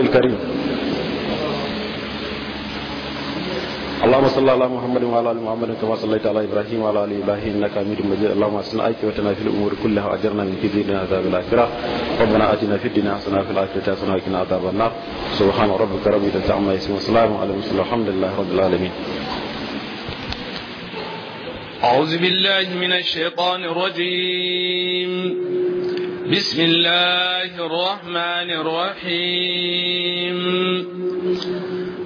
النبي الكريم اللهم صل على محمد وعلى ال محمد كما صليت على ابراهيم وعلى ال ابراهيم انك حميد مجيد اللهم احسن عاقبتنا في الامور كلها واجرنا من خزي الدنيا وعذاب الاخره ربنا اتنا في الدنيا حسنه وفي الاخره حسنه وقنا عذاب النار سبحان ربك رب العزه عما يصفون وسلام على المرسلين والحمد لله رب العالمين أعوذ بالله من الشيطان الرجيم بسم الله الرحمن الرحيم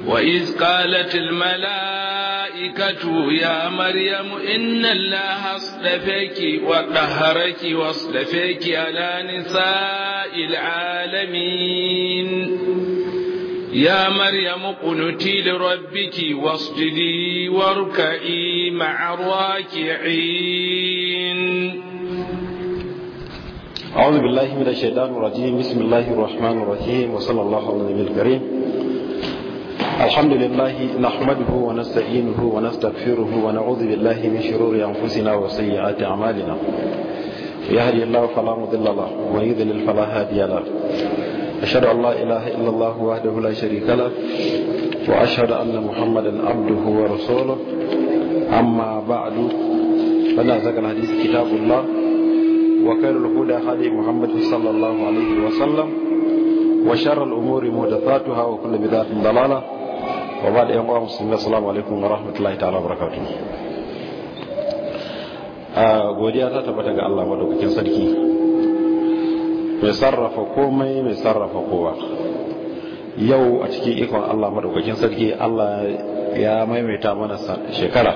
وإذ قالت الملائكة يا مريم إن الله اصطفيك وطهرك واصطفيك على نساء العالمين يا مريم قنتي لربك واسجدي واركعي مع الراكعين أعوذ بالله من الشيطان الرجيم بسم الله الرحمن الرحيم وصلى الله على النبي الكريم الحمد لله نحمده ونستعينه ونستغفره ونعوذ بالله من شرور أنفسنا وسيئات أعمالنا يهدي الله فلا مضل له ويذلل فلا هادي له أشهد أن لا إله إلا الله وحده لا شريك له وأشهد أن محمدا عبده ورسوله أما بعد فإن أصدق الحديث كتاب الله وخير الهدى هدي محمد صلى الله عليه وسلم وشر الأمور محدثاتها وكل بدعة ضلالة وبعد أيها المسلمين السلام عليكم ورحمة الله تعالى وبركاته godiya ta tabbata ga Allah madaukakin sarki mai sarrafa komai mai sarrafa kowa yau a cikin ikon Allah madaukakin sarki Allah ya maimaita mana shekara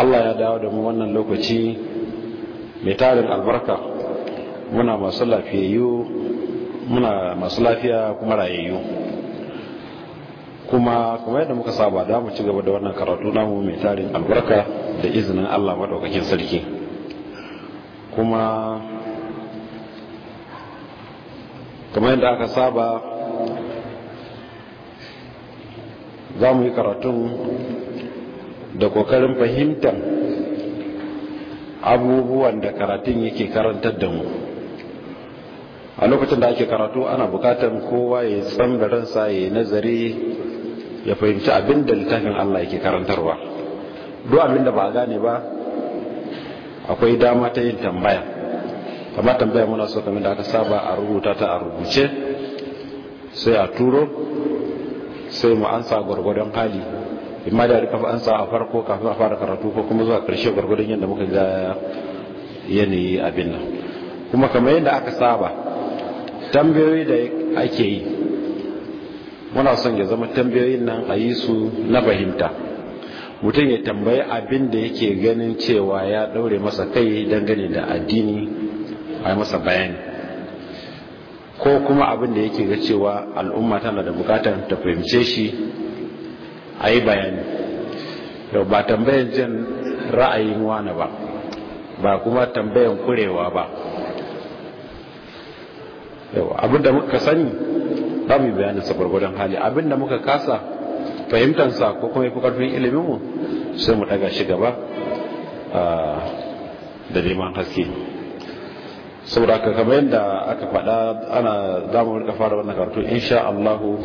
Allah ya dawo da mu wannan lokaci mai tarin albarka muna masu lafiyayyu muna masu lafiya kuma rayayyu kuma kuma yadda muka saba da mu ci gaba da wannan karatu namu mai tarin albarka da izinin Allah madaukakin sarki kuma kamar yadda aka saba za mu yi karatun da kokarin fahimtar abubuwan da karatun yake karantar da mu a lokacin da ake karatu ana bukatar kowa ya tsamba ransa ya nazari ya fahimci abin da littafin Allah yake karantarwa duk abin da ba a gane ba akwai dama ta yin tambaya amma tambaya muna so kamar da aka saba a rubuta ta a rubuce sai a turo sai mu ansa gwargwadon hali imma da rika an sa a farko kafin a fara karatu ko kuma zuwa karshe gwargwadon yadda muka ga yanayi abin nan kuma kamar yadda aka saba tambayoyi da ake yi muna son ya zama tambayoyin nan a yi su na fahimta mutum ya tambayi abin da yake ganin cewa ya ɗaure masa kai dangane da addini a yi masa bayani ko kuma abin da yake ga cewa al'umma tana da bukatar ta fahimce shi a yi bayani yau ba tambayan jin ra'ayin wani ba ba kuma tambayan kurewa ba yau abinda muka sani ba mu yi bayanin sa hali abinda muka kasa fahimtansa ko kuma yi karfin iliminmu sai mu daga shi gaba da neman haske saboda ka kamar yadda aka faɗa ana damar rika fara wannan karatu insha Allahu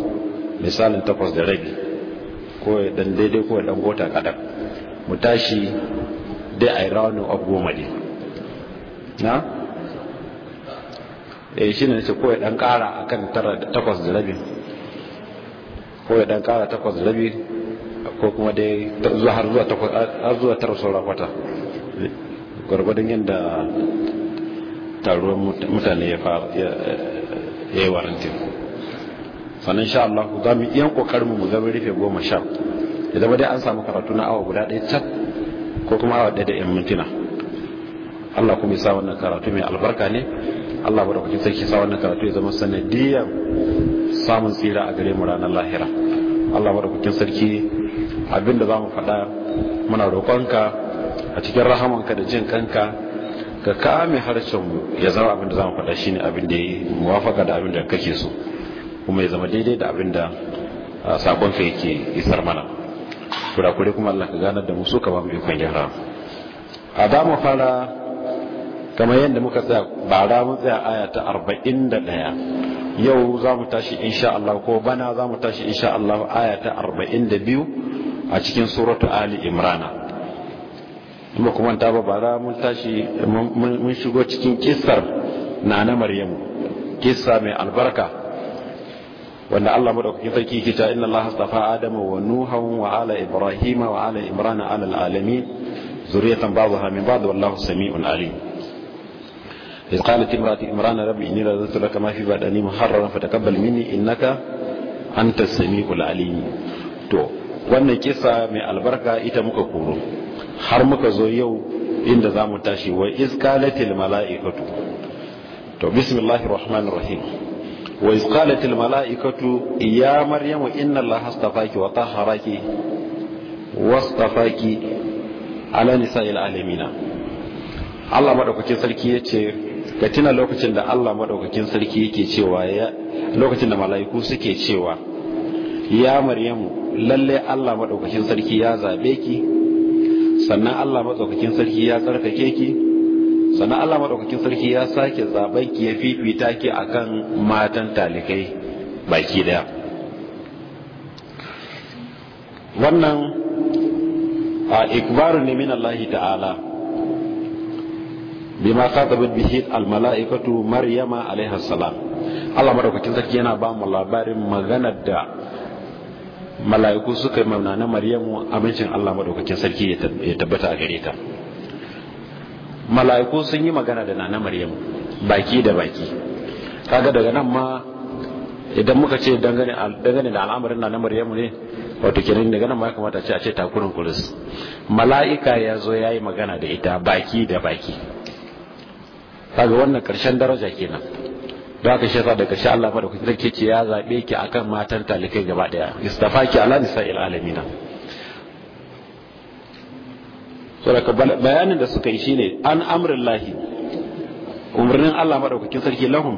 misalin takwas da rabi ko ya dan daidai ko ya dan gota kadan mu tashi dai a yi rawanin goma dai na eh shi ne ce ko ya dan kara akan tara takwas da rabi ko ya dan kara takwas da rabi ko kuma dai zuwa har zuwa 8 har zuwa tara saura kwata gwargwadon yadda taruwar mutane ya yi warantin wannan sha Allah za mu iya kokarin mu ga mun rufe goma sha ya zama dai an samu karatu na awa guda ɗaya cat ko kuma awa ɗaya da yan mintuna Allah kuma ya sa wannan karatu mai albarka ne Allah ba da kuke sarki sa wannan karatu ya zama sanadiyar samun tsira a gare mu ranar lahira Allah ba da kuke sarki abinda za mu faɗa muna roƙonka a cikin rahamanka da jin kanka ka kame harshen mu ya zama abin da za mu faɗa shine abin da ya yi muwafaka da abin da kake so kuma ya zama daidai da abin da ah, sakon yake isar mana kurakure kuma Allah ka ganar da mu ka ba mu ikon gyara a da mu fara kamar yadda muka tsaya bara mun tsaya aya ta 41 yau za mu tashi insha Allah ko bana za mu tashi insha Allah aya ta 42 a cikin suratu Ali Imrana kuma kuma ta ba bara mun tashi mun shigo cikin kissar na na maryamu kissa mai albarka wanda Allah madaukakin sarki yake inna Allah astafa Adama wa Nuha wa ala Ibrahim wa ala Imran ala alamin zuriyatan ba'daha min ba'd wallahu sami'un alim إذ قالت امرأة إمران ربي إني نذرت لك ما في بدني محررا فتقبل مني إنك أنت السميع العليم to wannan kisa mai albarka ita muka koro har muka zo yau inda zamu tashi wa iz qalatil malaikatu to wa isqalat al mala'ikatu ya maryamu inna allaha astafaki wa tahharaki wastafaki ala nisa'il alamina Allah madaukakin sarki yace ka tuna lokacin da Allah madaukakin sarki yake cewa ya lokacin da mala'iku suke cewa ya maryamu lalle Allah madaukakin sarki ya zabe ki sannan Allah madaukakin sarki ya tsarkake ki sannan Allah maɗaukakin sarki ya sake zaɓen ki ya fifita ki kan matan talikai baki daya wannan a ikbaru ne min Allah ta'ala ma khatabat bihi al-mala'ikatu maryama alaiha salam Allah madaukakin sarki yana ba mu labarin maganar da mala'iku suka yi mauna na maryamu abincin Allah madaukakin sarki ya tabbata a gare ta mala'iku sun yi magana da nana Maryam baki da baki kaga daga nan ma idan muka ce dangane da al'amarin nana Maryam ne wato kenan daga nan ma ya kamata ce a ce takurin kulus mala'ika ya zo ya yi magana da ita baki da baki kaga wannan karshen daraja kenan da aka shi da karshe Allah da sarki ce ya zabe ki akan matan talikai gaba daya istafaki ala nisa'il alamina saboda bayanin da suka yi shine an amrin lahi umarnin Allah maɗaukakin sarki lahum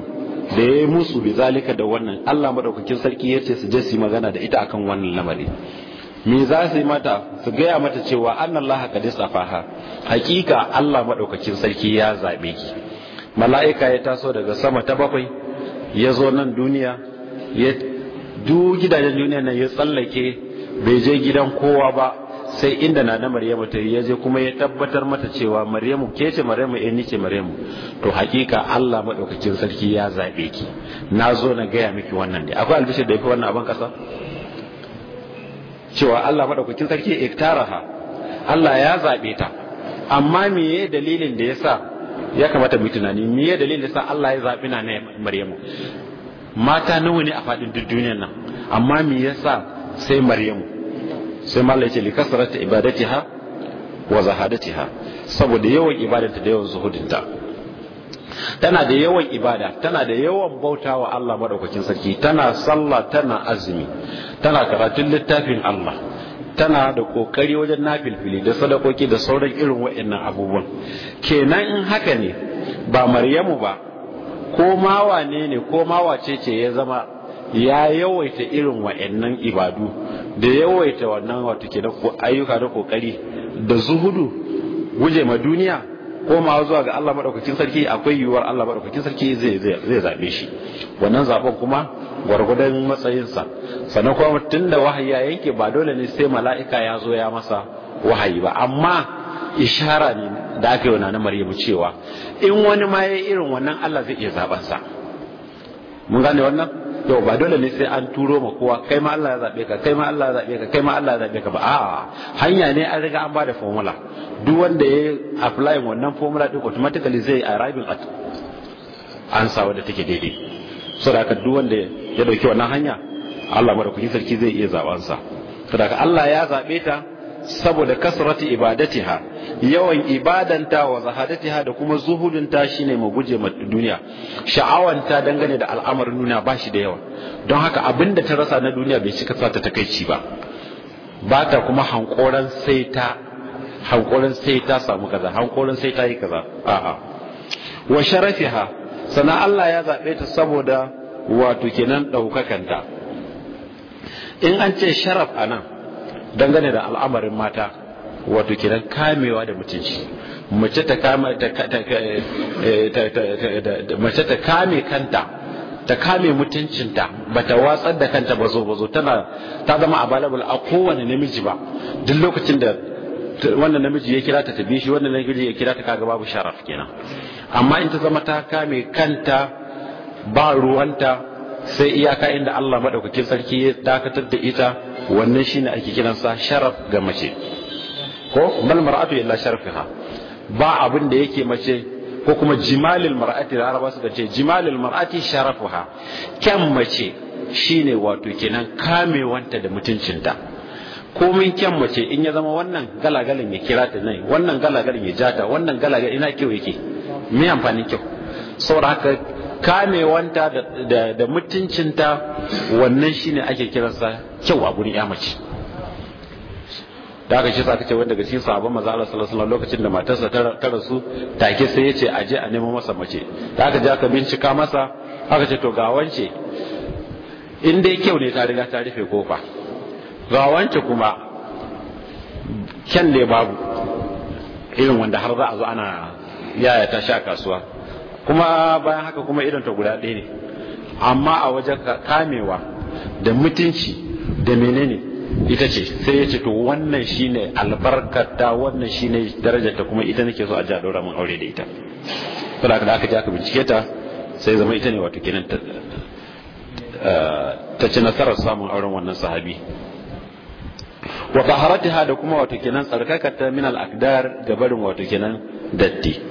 da ya yi musu bi zalika da wannan Allah maɗaukakin sarki ya ce su je su yi magana da ita akan wannan lamari me za su yi mata su gaya mata cewa annallaha qad faha." hakika Allah maɗaukakin sarki ya zaɓe ki mala'ika ya taso daga sama ta bakwai ya zo nan duniya ya du gidajen duniya na ya tsallake bai je gidan kowa ba sai inda na da maryamu ta yi ya je kuma ya tabbatar mata cewa maryamu ke ce maryamu eh ni ce maryamu to hakika Allah madaukakin sarki ya zabe ki na zo na gaya miki wannan ne akwai albishir da fi wannan abin kasa cewa Allah madaukakin sarki iktaraha Allah ya zabe ta amma meye dalilin da yasa ya kamata mu tunani meye dalilin da yasa Allah ya zabi na maryamu mata nawa ne a faɗin duk duniyar nan amma me yasa sai maryamu sai malai ce li kasarata ibadatiha wa zahadatiha saboda yawan ibadata da yawan zuhudinta tana da yawan ibada tana da yawan bauta wa Allah madaukakin sarki tana sallah tana azumi tana karatun littafin Allah tana da kokari wajen nafilfili da sadakoki da sauran irin wa'annan abubuwan kenan in haka ne ba maryamu ba ko ma wane ne ko ma wace ce ya zama ya yawaita irin wa'annan ibadu da yawaita wannan wata ke ayyuka da kokari da zuhudu guje ma duniya ko ma zuwa ga Allah madaukakin sarki akwai yiwuwar Allah madaukakin sarki zai zai zabe shi wannan zaben kuma gwargwadon matsayinsa sannan kuma tunda wahayi ya yanke ba dole ne sai mala'ika ya zo ya masa wahayi ba amma ishara ne da aka yi wa Maryamu cewa in wani ma ya irin wannan Allah zai iya zaben sa mun gane wannan yau ba dole ne sai an turo ma kowa kai ma Allah ya zabe ka kai ma Allah ya zabe ka kai ma Allah ya zabe ka ba a hanya ne an riga an bada formula duk wanda ya apply wannan formula din automatically zai arrive at answer wanda take daidai saboda haka duk wanda ya dauki wannan hanya Allah madaukakin sarki zai iya zabansa saboda haka Allah ya zabe ta saboda kasratu ibadatiha yawan ibadanta wa zahadatiha da kuma zuhudunta shine mu guje ma duniya sha'awanta dangane da al'amarin duniya bashi da yawa don haka abinda ta rasa na duniya bai cika sata takaici ba ba ta kuma hankoran sai ta hankoran sai ta samu kaza hankoran sai ta yi kaza a'a wa sharafiha sana Allah ya zabe ta saboda wato kenan daukakanta in an ce sharaf anan dangane da al'amarin mata wato kiran kamewa da mutunci mace ta kame kanta ta kame mutuncinta ba ta watsar da kanta ba zo ba tana ta zama available a kowane namiji ba duk lokacin da wannan namiji ya kira ta tabi shi wannan namiji ya kira ta kaga babu sharaf kenan amma in ta zama ta kame kanta ba ruwanta sai iyaka inda Allah madaukakin sarki ya dakatar da ita wannan shine ake kiransa sharaf ga mace ko bal mar'atu illa sharafiha ba abin da yake mace ko kuma jimalil mar'ati da araba suka ce jimalil mar'ati sharafuha kyan mace shine wato kenan kamewanta da mutuncinta komin kyan mace in ya zama wannan galagalin ya kira ta nai wannan galagalin ya jata wannan galagalin ina kyau yake me amfanin kyau saboda haka kamewanta da mutuncinta wannan shine ake kiransa kyau a gurin ya mace da aka shi sa ce wanda ga cikin sahabban maza Allah sallallahu alaihi lokacin da matarsa ta rasu take sai ya ce a je a nemo masa mace da aka je bincika masa aka ce to ga wance in dai kyau ne ta riga ta rufe kofa ga wance kuma kyan ne babu irin wanda har za a zo ana yaya ta sha kasuwa kuma bayan haka kuma idan ta guda ɗaya ne amma a wajen kamewa da mutunci da menene ita ce sai ya ce to wannan shine albarkata wannan shine darajarta kuma ita nake so a ja daura mun aure da ita saboda da aka je aka bincike ta sai zama ita ne wato kenan ta ci nasarar samun auren wannan sahabi wa taharatiha da kuma wato kenan tsarkakarta min al-aqdar gabarin wato kenan datti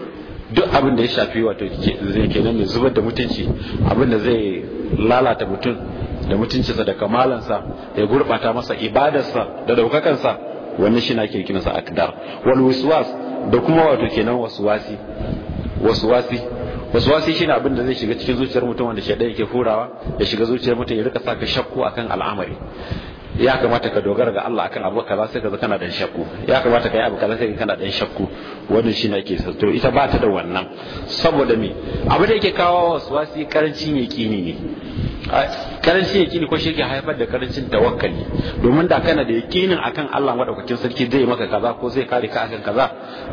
duk abin da ya shafi wato zai kenan mai zubar da mutunci abin da zai lalata mutum da mutuncinsa da kamalansa ya gurbata masa ibadarsa da daukakansa wannan shi na ke kinsa akdar wal waswas da kuma wato kenan waswasi waswasi waswasi shine abin da zai shiga cikin zuciyar mutum wanda shaidan yake furawa ya shiga zuciyar mutum ya rika saka shakku akan al'amari ya kamata ka dogara ga Allah akan abu kaza sai ka kana dan shakku ya kamata ka yi abu kaza sai kana dan shakku wannan shine ake sa to ita ba ta da wannan saboda me abu da yake kawo waswasi karancin yaqini ne karancin yaqini ko shi ke haifar da karancin tawakkali domin da kana da yaqinin akan Allah madaukakin sarki zai maka kaza ko zai kare ka akan kaza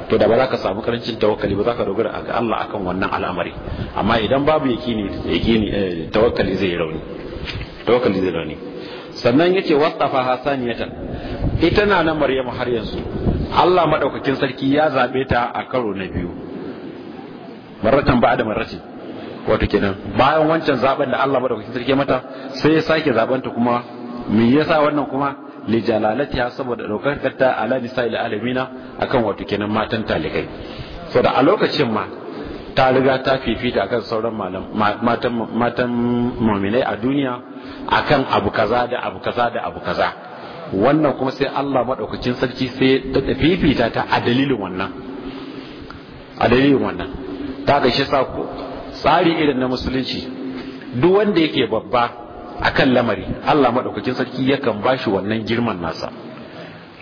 to da ba za ka samu karancin tawakkali ba za ka dogara ga Allah akan wannan al'amari amma idan babu yaqini yaqini eh, tawakkali zai rauni tawakkali zai rauni sannan yace wasafa hasaniyatan ita na nan maryamu har yanzu Allah madaukakin sarki ya zabe ta a karo na biyu ba da marrati wato kenan bayan wancan zaben da Allah madaukakin sarki mata sai ya sake zaben ta kuma me yasa wannan kuma li jalalatiha saboda daukar ta ala nisa'il alamina akan wato kenan matan talikai saboda a lokacin ma ta riga ta fifita kan sauran matan muminai a duniya akan abu kaza da abu kaza da abu kaza wannan kuma sai Allah madaukakin sarki sai da fifita ta a dalilin wannan a dalilin wannan ta ga shi sa tsari irin na musulunci duk wanda yake babba akan lamari Allah madaukakin sarki yakan bashi wannan girman nasa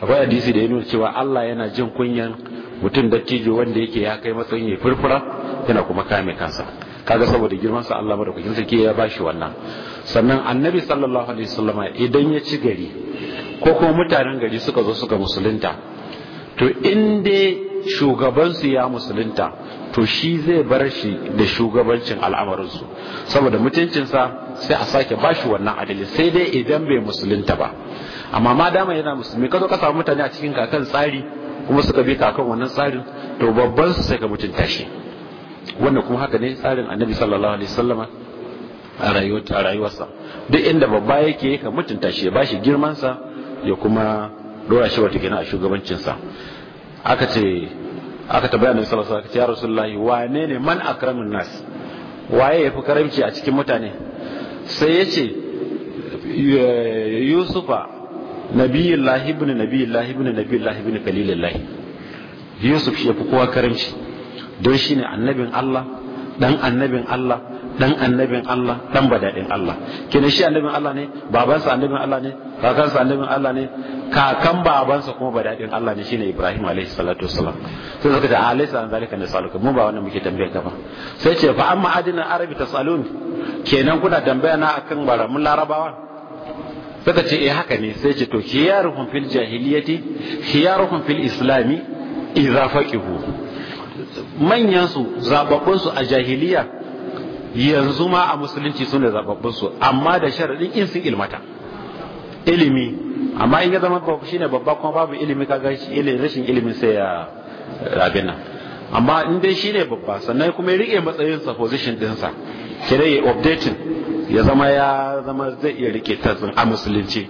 akwai hadisi da ya nuna cewa Allah yana jin kunyan mutum dattijo wanda yake ya kai matsayin ya furfura yana kuma kame kansa kaga saboda girman sa Allah madaukakin sarki ya bashi wannan sannan annabi sallallahu alaihi wasallama idan ya ci gari ko kuma mutanen gari suka zo suka musulunta to in dai shugabansu ya musulunta to shi zai bar shi da shugabancin al'amarinsu saboda mutuncinsa sai a sake bashi shi wannan adali sai dai idan bai musulunta ba amma ma dama yana musulmi ka zo ka samu mutane a cikin kakan tsari kuma suka bi kakan wannan tsarin to babban su sai ka mutunta shi wannan kuma haka ne tsarin annabi sallallahu alaihi wasallama a rayuwarsa duk inda babba yake ka mutunta shi ya bashi girmansa ya kuma dora shi wata gina a shugabancinsa aka ce aka tabbaya da sallallahu alaihi wasallam ya rasulullahi wane ne man akramun nas waye yafi karamci a cikin mutane sai yace eh, yusufa nabiyullahi ibn nabiyullahi ibn nabiyullahi ibn kalilullahi yusuf shi yafi kowa karamci don shine annabin Allah dan annabin Allah dan annabin Allah dan badadin Allah kenan shi annabin Allah ne babansa annabin Allah ne sa annabin Allah ne kakan babansa kuma badadin Allah ne shine Ibrahim alaihi salatu wassalam sai suka ce alaysa ah, an zalika nasaluka mu ba wannan muke tambayar ka ba sai ce fa amma adina arabi tasalun kenan kuna tambaya na akan baramun larabawa suka ce eh haka ne sai ce to khiyaruhum fil jahiliyati khiyaruhum fil islami idza faqihu manyan su zababbun su a jahiliya yanzu ma a musulunci su ne su amma da sharaɗin in sun ilmata ilimi amma in ya zama shi ne babba kuma babu ilimi kaga rashin ilimi sai ya rabin nan amma in dai shi ne babba sannan kuma ya riƙe matsayinsa position dinsa kira ya updating ya zama ya zama zai iya rike tazin a musulunci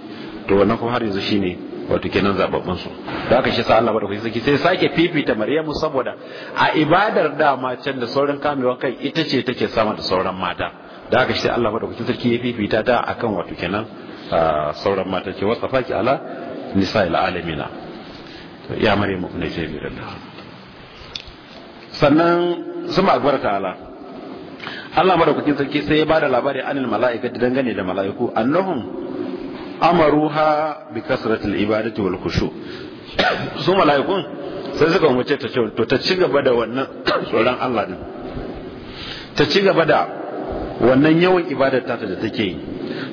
to wannan kuma har yanzu shi ne wato kenan zababban su da aka shi sa Allah madaukakin sarki sai sake fifita Maryamu saboda a ibadar dama can da sauran kamewa kai ita ce take sama da sauran mata da aka shi Allah madaukakin sai ya fifita ta akan wato kenan sauran mata ce wasafaki ala nisa'il alamina ya Maryamu kuna ce bi Allah sannan suma akbar ta'ala Allah madaukakin sarki sai ya bada labari anil mala'ikati dangane da mala'iku annahum amaruha bi kasratil ibadati wal khushu su mala'ikun sai suka umarce ta ce to ta ci gaba da wannan tsoron Allah din ta ci gaba da wannan yawan ibadar ta da take yi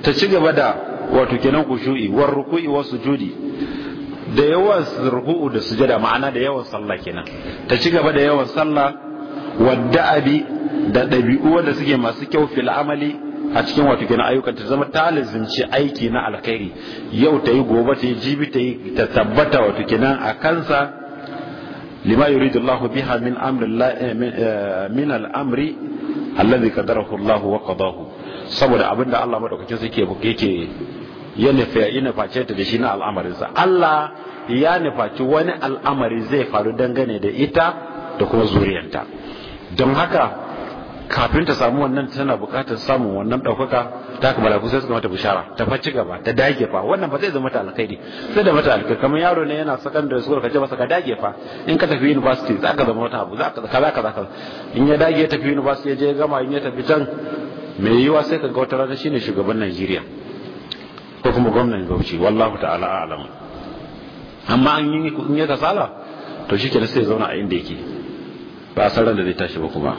ta ci gaba da wato kenan khushu'i war ruku'i was sujudi da yawan ruku'u da sujada ma'ana da yawan sallah kenan ta ci gaba da yawan sallah wadda abi da dabi'u da suke masu kyau fil amali a cikin wato kenan ayyukan ta zama ta lazimci aiki na alkhairi yau ta yi gobe ta yi jibi ta yi ta tabbata wato kenan a kansa lima yuridu Allah biha min amri eh, eh, min al-amri allazi qadarahu Allah wa qadahu saboda abinda Allah madaukakin sa yake yake ya nufa ya face ta da shi na al'amarin sa Allah ya nufaci wani al'amari zai faru dangane da ita da kuma zuriyanta don haka kafin ta samu wannan tana buƙatar samun wannan ɗaukaka ta kuma malaku sai suka mata bishara ta faci gaba ta dage fa wannan ba zai zama ta alkhairi sai da mata alkhairi kamar yaro ne yana secondary school ka kaje masa ka dage fa in ka tafi university za ka zama wata abu za ka kaza kaza in ya dage ya tafi university ya je gama in ya tafi can mai yiwa sai ka ga wata rana shine shugaban Najeriya ko kuma gwamnan Bauchi wallahi ta'ala a'lam amma an yi in ya kasala to shikenan sai ya zauna a inda yake ba san da zai tashi ba kuma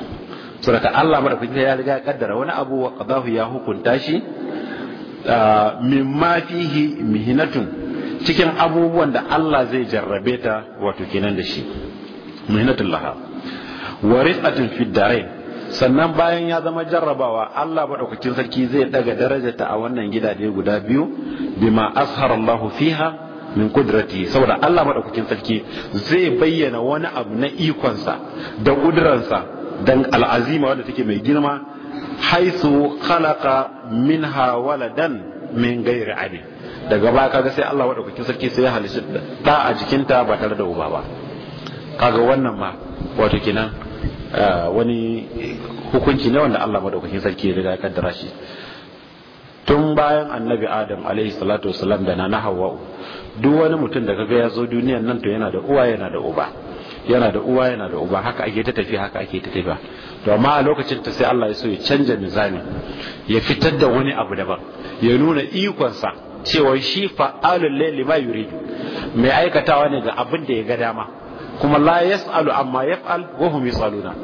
saboda Allah madaukakin ya riga kaddara wani abu wa qadahu ya hukunta shi mimma fihi mihinatun cikin abubuwan da Allah zai jarrabe ta wato kenan da shi mihinatul laha wa rizqatun fid darain sannan bayan ya zama jarrabawa Allah madaukakin sarki zai daga darajarta a wannan gidaje guda biyu bima ashara Allah fiha min kudrati saboda Allah madaukakin sarki zai bayyana wani abu na ikonsa da kuduransa dan al'azima wadda take mai girma haisu khalaqa minha waladan min ghairi abi daga ba kaga sai Allah kuke sarki sai ya halishi ta a jikinta ba tare da uba ba kaga wannan ma wato kenan ah, wani hukunci ne wanda Allah kuke sarki ya ya kaddara shi tun bayan annabi adam alaihi salatu wasalam da na hawa'u duk wani mutum da kaga ya zo duniyan nan to yana da uwa yana da uba yana da uwa yana da uba haka ake ta tafi haka ake ta tafi to amma a lokacin ta sai Allah ya so ya canja nizami ya fitar da wani abu daban ya nuna ikon sa cewa shi fa'alul layli ma yuridu mai aikatawa ne ga abin da ya ga dama kuma la yas'alu amma yaf'al wa hum yasaluna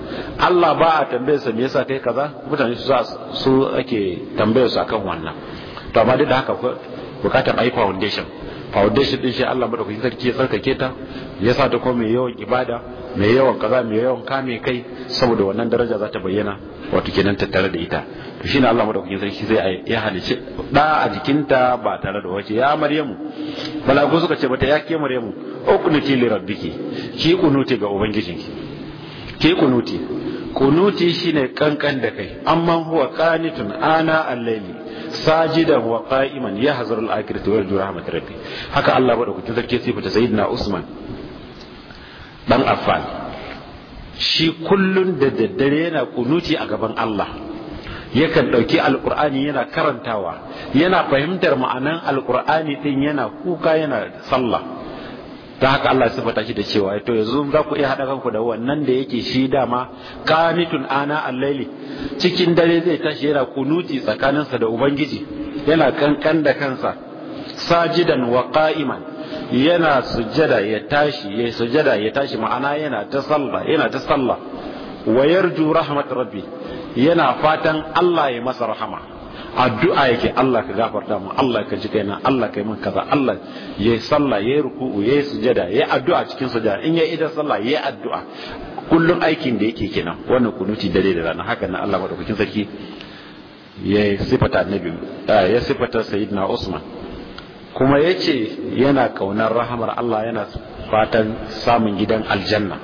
Allah ba a tambayarsa me yasa kai kaza mutane su su ake tambayar su akan wannan to amma duk da haka bukatar ayi foundation foundation din shi Allah madaukakin sarki ya tsarkake ta sa ta ko mai yawan ibada mai yawan kaza mai yawan kame kai saboda wannan daraja za ta bayyana wato kenan tattare da ita to shine Allah madaukakin sarki zai ya halice da a jikinta ba tare da wace ya maryamu malaku suka ce mata ya ke maryamu ukunuti li rabbiki ki kunuti ga ubangijinki ki kunuti kunuti shine kankan da kai amma huwa qanitun ana al-layli sajida wa qa'iman yahzarul akhirati wa yarju rahmat rabbi haka Allah madaukakin sarki ya sifata sayyidina Usman dan affan shi kullun da daddare yana kunuti a gaban Allah yakan ɗauki alqur'ani yana karantawa yana fahimtar ma'anan alqur'ani ɗin yana kuka yana sallah ta haka Allah ya sifata shi da cewa to yanzu za ku iya haɗa kanku da wannan da yake shi dama qanitun ana allaili cikin dare zai tashi yana kunuti tsakaninsa da ubangiji yana kankan da kansa sajidan wa qa'iman yana sujada ya tashi ya sujada ya tashi ma'ana yana ta salla, yana ta sallah wa yarju rahmat rabbi yana fatan Allah ya masa rahama addu'a yake Allah ka gafarta mu Allah ka ji kaina Allah ka mun kaza Allah yayi sallah yayi ruku'u ya sujada yayi addu'a cikin sujada in ya ida sallah yayi addu'a kullum aikin da yake kenan wannan kunuti dare da rana haka nan Allah madaukakin sarki ya sifata nabi ya sifata sayyidina Usman kuma yace yana kaunar rahamar Allah yana fatan samun gidan aljanna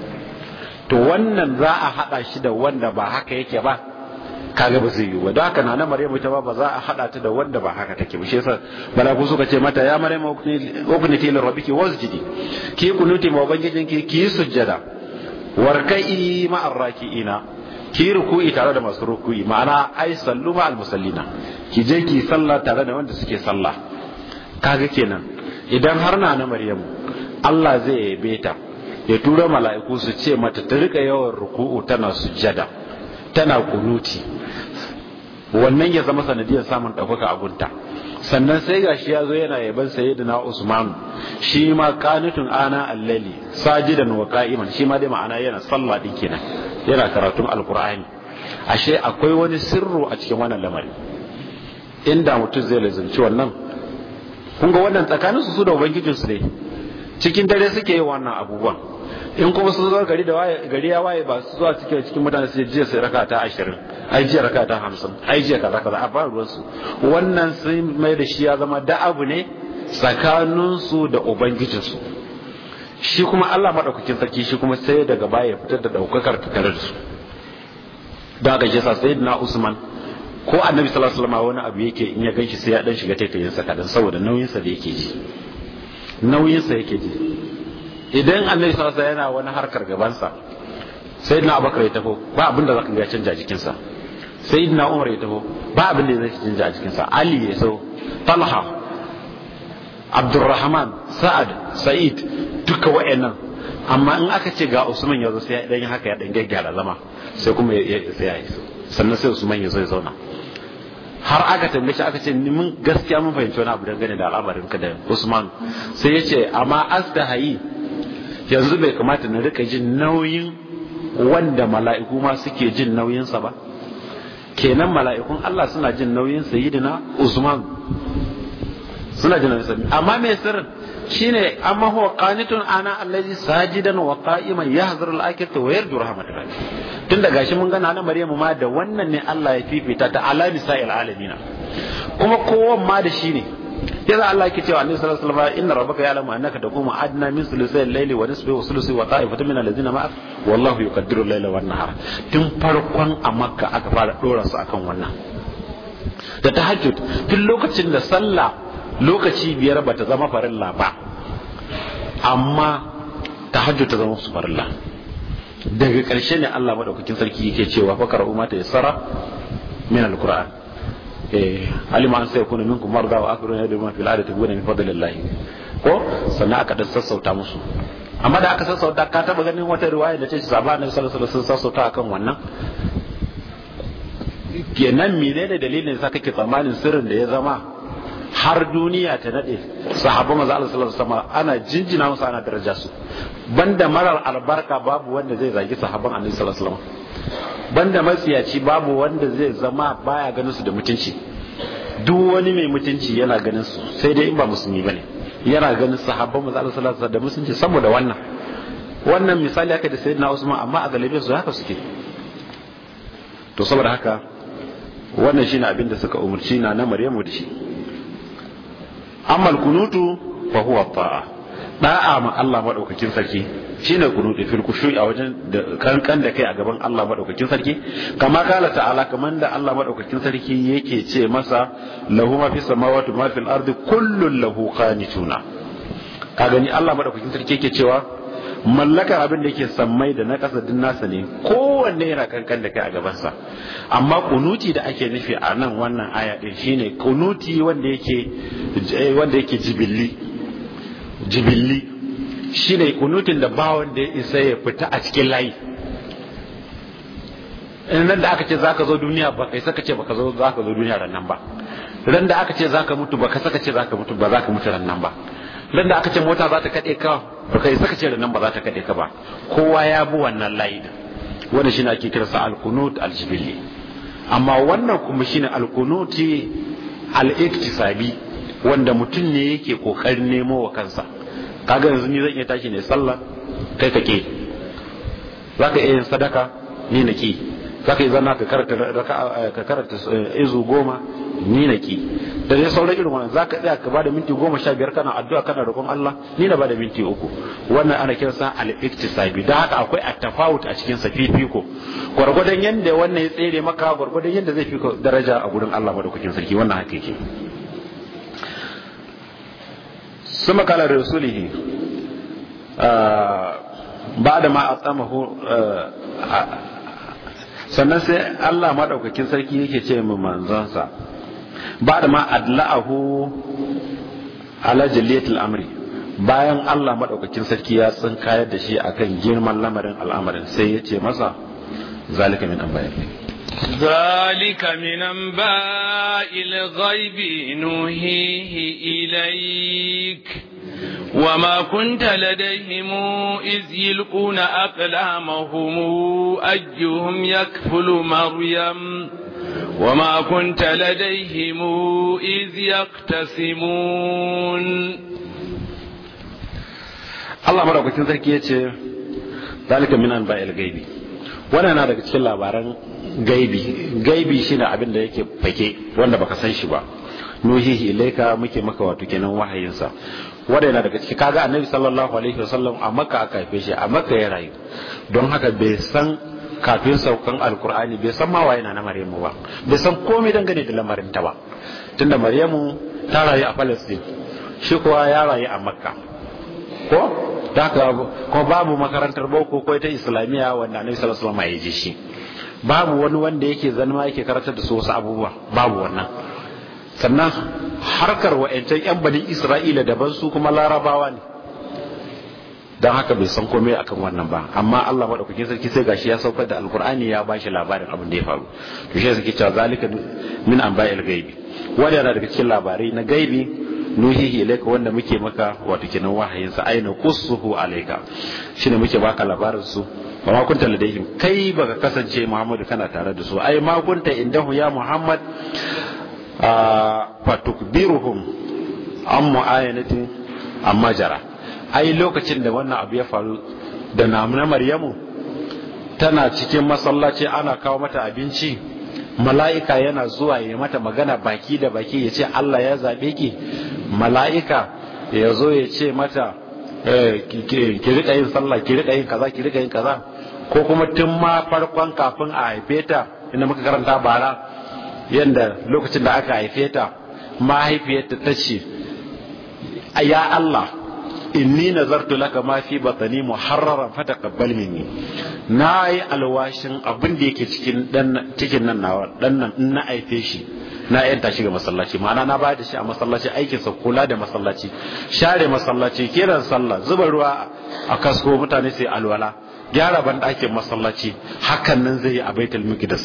to wannan za a haɗa shi da wanda ba haka yake ba kaga ba zai yi ba don haka na na maryamu ta ba za a haɗa ta da wanda ba haka take ba shi yasa ku suka ce mata ya maryamu ukuniti lil rabbiki wasjidi ki kunuti ma ubangijinki ki Ki sujjada warkai ma arraki'ina ki ruku'i tare da masu ruku'i ma'ana ai sallu ma al musallina ki je ki sallah tare da wanda suke sallah kaga kenan idan har na na maryamu Allah zai yabe ta ya tura mala'iku su ce mata ta rika yawan ruku'u tana sujada tana kunuti wannan ya zama sanadiyar samun ɗaukaka abunta sannan sai gashi ya zo yana yaban sayyidina Usman shi ma qanitun ana allali sajidan wa qa'iman shi ma dai ma'ana yana sallah din kenan yana karatun alqur'ani ashe akwai wani sirru a cikin wannan lamari inda mutum zai lazimci wannan kun ga wannan tsakanin su su da ubangijinsu ne cikin dare suke yi wannan abubuwan in kuma sun zo gari da waye gari ya waye ba su zuwa cikin cikin mutane su je su raka ta 20 ai je raka ta 50 ai je kaza kaza a bar ruwan su wannan sai mai da shi ya zama da abu ne tsakanin su da ubangijin su shi kuma Allah madaukakin sarki shi kuma sai daga baya ya fitar da daukakar tattare da su da ga kisa sayyidina Usman ko annabi sallallahu alaihi wasallam wani abu yake in ya ganshi sai ya dan shiga taitayin sa kadan saboda nauyin sa da yake ji nauyin sa yake ji idan annabi sallallahu alaihi yana wani harkar gaban sa sayyidina abubakar ya taho ba abin da zaka ga canja jikin sa sayyidina umar ya taho ba abin da zai canja jikin sa ali ya so talha abdurrahman sa'ad sa'id duka wa'annan amma in aka ce ga usman yazo sai ya dan haka ya dan gaggara zama sai kuma ya sai ya iso sannan sai usman yazo ya zauna har aka tambaye shi aka ce ni mun gaskiya mun fahimci wani abu dangane da al'amarin ka da Usman sai ya ce amma as da hayi yanzu bai kamata na rika jin nauyin wanda mala'iku ma suke jin nauyinsa ba kenan mala'ikun Allah suna jin nauyin sayyidina Usman suna jin sami amma mai sirrin shine amma huwa qanitun ana allazi sajidan wa qa'iman yahzuru al-akhirata wa yarju rahmat rabbi tun da gashi mun gana na maryamu ma da wannan ne Allah ya fifita ta ala misail alamin kuma kowan ma da shi ne yasa Allah yake cewa annabi sallallahu alaihi wasallam inna rabbaka ya'lamu annaka taqumu adna min thuluthay al-layli wa nisfi wa thuluthi wa ta'ifatan min alladhina ma'ak wallahu yuqaddiru al-layla wan nahar tun farkon a makka aka fara dora su akan wannan da tahajjud tun lokacin da sallah lokaci biyar ba ta zama farilla ba amma tahajjud ta zama su farilla daga ƙarshe ne Allah madaukakin sarki yake cewa fakar umma ta yassara min alquran eh alima an sayakuna minkum marda wa akhiru yaduma fil adati bi min fadlillah ko sannan aka dan sassauta musu amma da aka sassauta ka taba ganin wata riwaya da ce sahaba annabi sallallahu alaihi wasallam sassauta akan wannan kenan menene dalilin sa kake tsammanin sirrin da ya zama har duniya ta nade sahaba manzo Allah sallallahu alaihi wasallam ana jinjina musu ana daraja su banda marar albarka babu wanda zai zagi sahaban Annabi sallallahu alaihi wasallam banda matsiyaci babu wanda zai zama baya ganin su da mutunci duk wani mai mutunci yana ganin su sai dai in ba musulmi bane yana ganin sahabban manzo Allah sallallahu alaihi wasallam da musulunci saboda wannan wannan misali haka da sayyidina Usman amma a galibin su haka suke to saboda haka wannan shine abin da suka umurci na na Maryamu da shi amma kunutu fa huwa ta'a da'a ma Allah madaukakin sarki shine kunutu fil khushu'i a wajen kankan da kai a gaban Allah madaukakin sarki kama kala ta'ala kaman da Allah madaukakin sarki yake ce masa lahu ma fi samawati ma fil ardi lahu qanituna ka gani Allah madaukakin sarki yake cewa mallakar abin da ke sammai da na ƙasa din nasa ne kowanne yana kankan da kai a gabansa amma kunuti da ake nufi a nan wannan aya shi shine kunuti wanda yake eh, wanda yake jibilli jibilli shine kunutin da ba wanda ya isa ya fita a cikin layi in nan da aka ce zaka zo duniya ba kai saka ce baka zo zaka zo duniya ran nan ba ran da aka ce zaka mutu ba ka saka ce zaka mutu ba zaka mutu ran nan ba lalle aka ce mota za ta kaɗe ka ba kai saka ce da nan ba za ta kaɗe ka ba kowa ya bi wannan layi wanda shine ake sa al-qunut al-jibili amma wannan kuma shine al-qunuti al-iktisabi wanda mutum ne yake kokarin nemo wa kansa kaga yanzu ni zan iya tashi ne sallah kai kake zaka iya yin sadaka ni nake zaka yi zanna ka karanta eh, eh, izu goma ni na ki da dai sauran irin wannan zaka tsaya ka bada minti goma sha biyar kana addu'a kana roƙon Allah ni na bada minti uku wannan ana kiransa al-iktisabi da haka akwai at-tafawut a cikin sa fifiko gwargwadon yanda wannan ya tsere maka gwargwadon yanda zai fiko daraja a gurin Allah madaukakin sarki wannan haka yake ah, ba da ma a ما أطعمه sannan sai Allah madaukakin sarki yake ce mu manzansa ba da ma adla'ahu ala jaliyatul amri bayan Allah maɗaukakin sarki ya tsinkayar da shi akan girman lamarin al'amarin sai ya ce masa zalika min anba'il zalika min anba'il ghaibi nuhihi ilayk وما كنت لديهم إذ يلقون أقلامهم أيهم يكفل مريم وما كنت لديهم إذ يقتسمون الله maraukakin sarki ذلك ce, من أنباء الغيب gaibi, wannan na daga cikin labaran gaibi, gaibi shi ne abin da yake fake wanda baka san shi ba, nuhihi ilaika muke maka wato kenan wahayinsa. wanda yana daga ciki kaga annabi sallallahu alaihi wasallam a makka aka haife shi a makka ya rayu don haka bai san kafin saukan alkur'ani bai san ma waye na maryamu ba bai san komai dangane da lamarin ta ba tunda maryamu ta rayu a palestine shi kuwa ya rayu a makka ko da haka kuma babu makarantar boko ko ta islamiyya wanda annabi sallallahu alaihi wasallam ya je shi babu wani wanda yake zanma yake karatar da su wasu abubuwa babu wannan sannan harkar wayancan 'yan bani isra'ila daban su kuma larabawa ne don haka bai san komai akan wannan ba amma Allah madaukakin sarki sai gashi ya saukar da alkur'ani ya bashi labarin abin da ya faru to shi suke cewa zalika min bayar gaibi wanda yana daga cikin labarai na gaibi nuhihi ilayka wanda muke maka wato kinan wahayin sa aina kusuhu alayka shine muke baka labarin su ba ma kunta ladaihim kai baka kasance Muhammadu kana tare da su ai ma kunta indahu ya Muhammad fatukbiruhum an mu'ayyanatin amma jara ai lokacin da wannan abu ya faru da namuna maryamu tana cikin masallaci ana kawo mata abinci mala'ika yana zuwa ya mata magana baki da baki ya ce Allah ya zaɓe ki mala'ika ya zo ya ce mata ki riƙa yin sallah ki riƙa yin kaza ki riƙa yin kaza ko kuma tun ma farkon kafin a haife ta inda muka karanta bara yadda lokacin da aka haife ta mahaifiyarta ta ce ya Allah inni nazartu laka ma fi batani muharraran fataqabbal minni na yi alwashin abin da yake cikin dan cikin nan nawa dan nan in na aife shi na yanta shi ga masallaci ma'ana na bayar da shi a masallaci aikin sa kula da masallaci share masallaci kiran sallah zuba ruwa a kasko mutane sai alwala gyara ban masallaci hakan nan zai yi a baitul muqaddas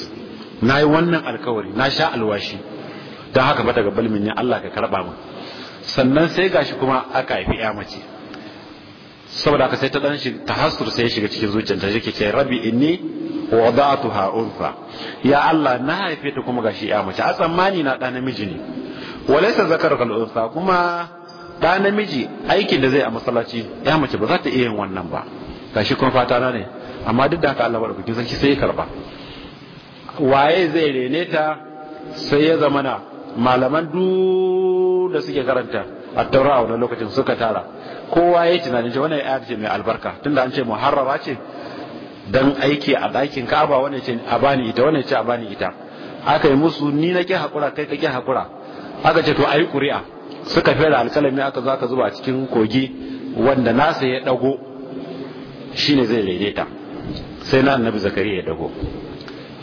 na yi wannan alkawari na sha alwashi don haka bata daga balmin ne Allah ka karɓa mu sannan sai gashi kuma aka haifi ya mace saboda aka sai ta dan shi hasur sai shiga cikin zuciyarta yake ce rabi inni wada'tuha unfa ya Allah na haife ta kuma gashi ya mace a tsammani na da namiji ne walaysa zakar al unfa kuma da namiji aikin da zai a masallaci ya mace ba za ta iya yin wannan ba gashi kuma fata na ne amma duk da haka Allah ba da shi sai ya karba waye zai rene ta sai ya zamana malaman du da suke karanta a taura a lokacin suka tara kowa ya tunanin wannan ayar ce mai albarka tunda an ce muharrara ce dan aiki a ɗakin ka'aba wannan ce a bani ita wannan ce a bani ita aka yi musu ni na ke haƙura kai ka ke haƙura aka ce to ayi ƙuri'a suka fera alƙalami aka zo aka zuba a cikin kogi wanda nasa ya ɗago shine zai daidaita sai na annabi zakariya ya ɗago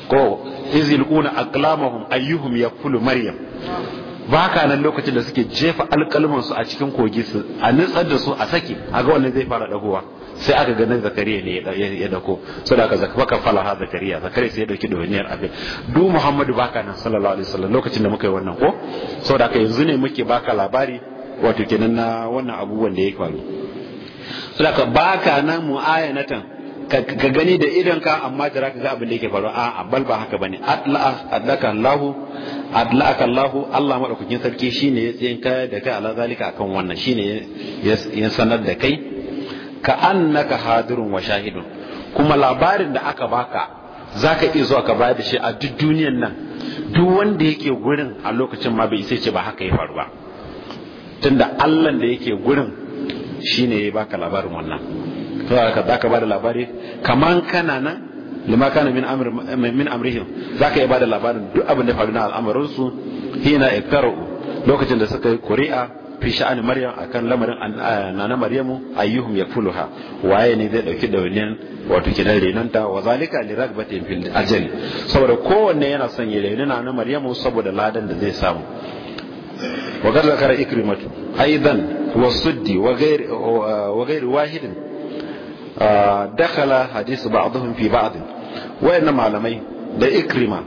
ko una aklamahum ayyuhum yakfulu maryam ba ka nan lokacin da suke jefa alkalman su a cikin kogi su a nutsar da su a saki a ga wannan zai fara dagowa sai aka ga nan zakariya ne ya dako saboda aka zaka baka ha zakariya zakariya sai ya dauki dawaniyar abin du muhammadu baka nan sallallahu alaihi wasallam lokacin da muka yi wannan ko saboda aka yanzu ne muke baka labari wato kenan na wannan abubuwan da ya faru saboda aka baka nan mu'ayanatan ka gani da ka amma da ka ga abin da yake faruwa a'a bal ba haka bane adlaka Allah adlaka Allah Allah madaukakin sarki shine ya tsayin ka da kai ala zalika akan wannan shine ya sanar da kai ka annaka hadirun wa shahidun kuma labarin da aka baka zaka iya zuwa ka bayar da shi a duk duniyar nan duk wanda yake gurin a lokacin ma bai sai ce ba haka ya faru ba tunda Allah da yake gurin shine ya baka labarin wannan to zaka bada labari kaman kana nan lima kana min amr min amrihim zaka iya bada labarin duk abin da faru na hina iktaru lokacin da suka yi kuri'a fi sha'ani maryam akan lamarin eh, nana maryamu ayyuhum yakfuluha waye ne zai dauki dawainiyan wato kidan ta wa zalika li ragbatin fil ajal saboda kowanne yana son ya reni na maryamu saboda ladan da zai samu wa gadda zakara ikrimatu aidan wa suddi wa ghairi wa ghairi wahidin dakala hadisu ba'dhum fi ba'd na malamai da ikrima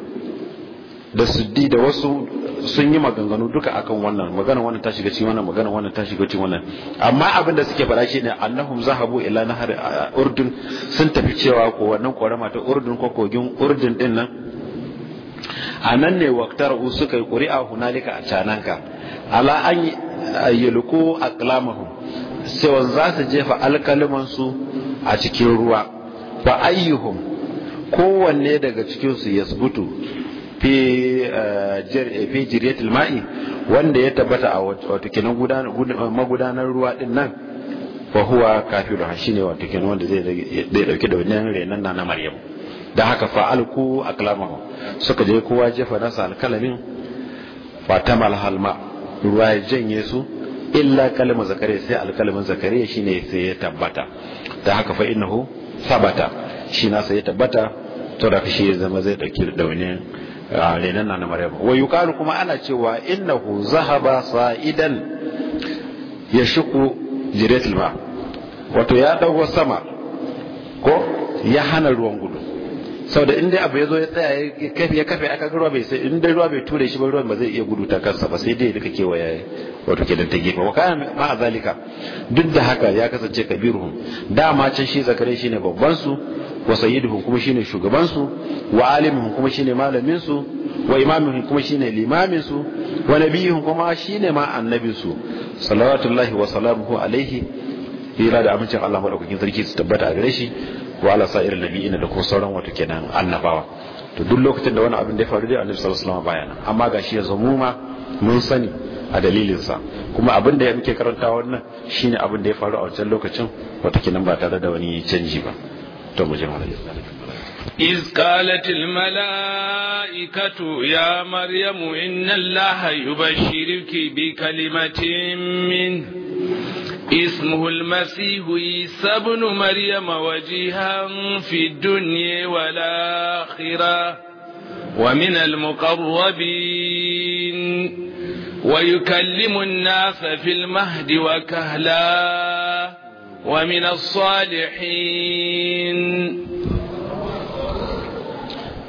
da suddi da wasu sun yi maganganu duka akan wannan maganar wannan ta shiga cikin wannan maganar wannan ta shiga cikin wannan amma abin da suke shi ne annahum zahabu ila nahar urdun sun tafi cewa ko wannan korama ta urdun ko kogin urdun din nan a nan ne waktar suka yi ƙuri'a hunalika a cananka ala an yulku aqlamahum cewa za su jefa alƙalimansu a cikin ruwa ba ayyuhum kowanne daga cikinsu ya subutu fi eh, jiryatul eh, ma'i wanda ya tabbata a wato kenan magudanar ruwa din nan fa huwa kafiru shine wato kenan wanda zai zai dauke da wannan renan na Maryam da haka fa alku aklamahu suka je kowa jefa nasa alkalamin fatamal halma ruwa ya janye su illa kalmar zakariya sai alkalmin zakariya shine sai ya tabbata ta haka fa innahu sabata shi na sai ya tabbata to da shi ya zama zai dauki daunin renan na maryam wa yuqalu kuma ana cewa innahu zahaba sa'idan yashqu jiratul ma wato ya dawo sama ko ya hana ruwan gudu Sau da inda abu ya zo ya tsaya ya kafe ya kafe aka ruwa bai sai in ruwa bai ture shi ba ruwan ba zai iya gudu ta kansa ba sai dai ya duka kewaye wato kenan ta gefe wa kana ma zalika duk da haka ya kasance Kabiru dama can shi zakare shine babban su wa sayyiduhum kuma shine shugaban su wa alimuhum kuma shine malamin su wa imamuhum kuma shine limamin su wa nabiyuhum kuma shine ma annabin su alaihi wa salamuhu alaihi tsira da amincin Allah madaukakin sarki su tabbata a gare shi wa ala sa'ir nabiyina da kuma sauran wato kenan annabawa to duk lokacin da wani abin da ya faru da annabi sallallahu alaihi wasallam bayana amma gashi ya mu ma mun sani a dalilinsa kuma abin da ya muke karanta wannan shine abin da ya faru a wancan lokacin wato kenan ba tare da wani canji ba to mu je mu إذ قالت الملائكة يا مريم إن الله يبشرك بكلمة منه اسمه المسيح عيسى بن مريم وجيها في الدنيا والآخرة ومن المقربين ويكلم الناس في المهد وكهلا ومن الصالحين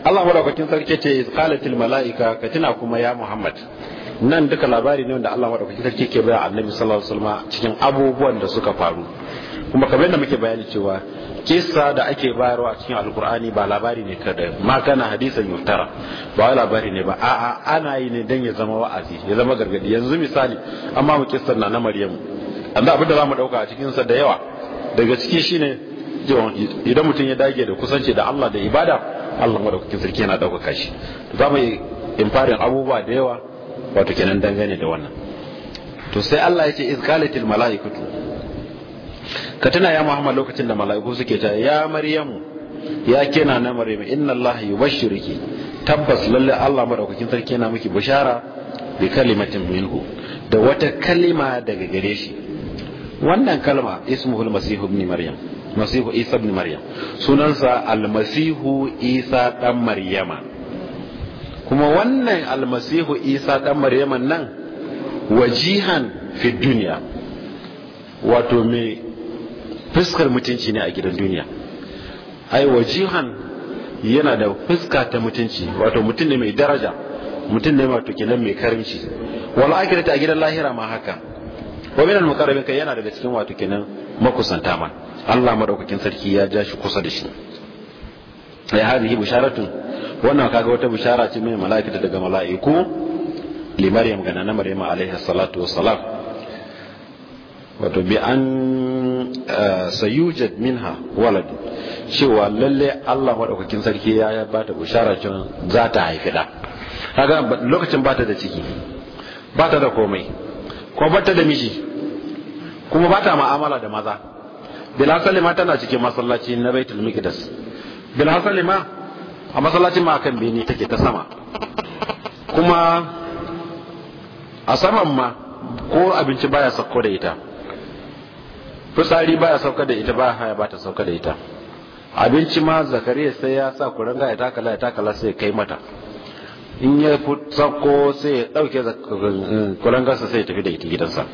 الله ولو كنت قالت الملائكة كتنا كما يا محمد nan duka labari ne wanda Allah madaukakin sarki ke bayar annabi sallallahu alaihi wasallam cikin abubuwan da suka faru kuma kamar yadda muke bayani cewa kissa da ake bayarwa a cikin alkur'ani ba labari ne kada ma kana hadisan yuftara ba labari ne ba a'a ana yi ne dan ya zama wa'azi ya zama gargadi yanzu misali amma mu kissar na na Maryam. amma abin da zamu dauka a cikin sa da yawa daga ciki shine idan mutum ya dage da kusanci da Allah da ibada Allah madaukakin sarki yana dauka shi zamu yi infarin abubuwa da yawa wato kenan dangane da wannan to sai Allah ya ce iz qalatil malaikatu ka tana ya Muhammad lokacin da mala'iku suke ta ya Maryamu ya kina na Maryamu inna Allah yubashshiruki tabbas lalle Allah madaukakin sarki yana miki bishara bi kalimatin minhu da wata kalima daga gare shi wannan kalma ismuhul masihu ibn maryam masihu isa ibn maryam sunansa almasihu isa dan maryama kuma wannan almasihu isa dan maryaman nan wajihan fi duniya wato mai fuskar mutunci ne a gidan duniya ai wajihan yana da fuska ta mutunci wato mutum ne mai daraja mutum ne wato kenan mai karimci ake akhirati a gidan lahira ma haka wa minal muqarrabin kai yana daga cikin wato kenan makusanta ma Allah madaukakin sarki ya ja shi kusa da shi ai hadhihi bisharatun wannan kaga wata bishara ce mai mala'ikata daga mala'iku li maryam ga na maryam alaihi salatu wassalam wato bi an eh, sayujad minha walad cewa lalle Allah madaukakin sarki ya ya bata bishara cewa za ta haifi da kaga lokacin bata da ciki Bata da komai ko bata da miji kuma bata ma'amala da maza bilhassan lima tana cikin masallaci na baitul miqdas bilhassan lima a masallacin ma kan bene take ta sama kuma a saman ma ko abinci baya sauko da ita fitsari baya sauka da ita baya haya bata sauka da ita abinci ma zakariya sai ya sa kuranga ya takala ya takala sai kai mata in ya sauko sai ya dauke kurangarsa sai ya tafi da ita gidansa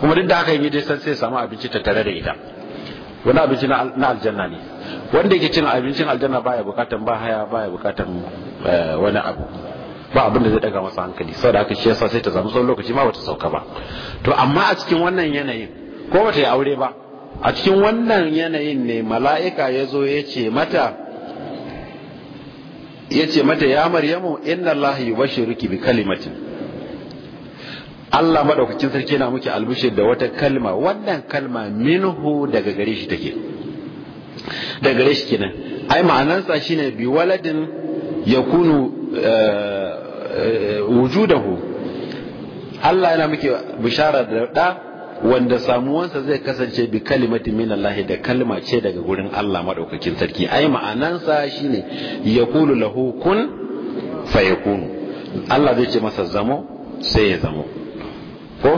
kuma duk da haka yi dai sai samu abinci ta tare da ita wani abinci na aljanna ne wanda yake cin abincin aljanna baya bukatan ba haya baya bukatan eh, wani abu ba abin da zai daga masa hankali saboda haka shi yasa sai ta zama tsawon lokaci ma bata sauka ba to amma a cikin wannan yanayin ko bata yi aure ba a cikin wannan yanayin ne mala'ika ya zo ya ce mata ya ce mata ya maryamu inna allahi yubashshiruki bi kalimatin Allah madaukakin sarki yana muke albushir da wata kalma wannan kalma minhu daga gare shi take daga gare shi kenan ai ma'anarsa shine bi waladin yakunu eh, eh, wujudahu Allah yana muke bishara da da wanda samuwansa zai kasance bi kalimatin min da kalma ce daga gurin Allah madaukakin sarki ai ma'anarsa shine yaqulu lahu kun fayakunu Allah zai ce masa zamo sai ya zamo ko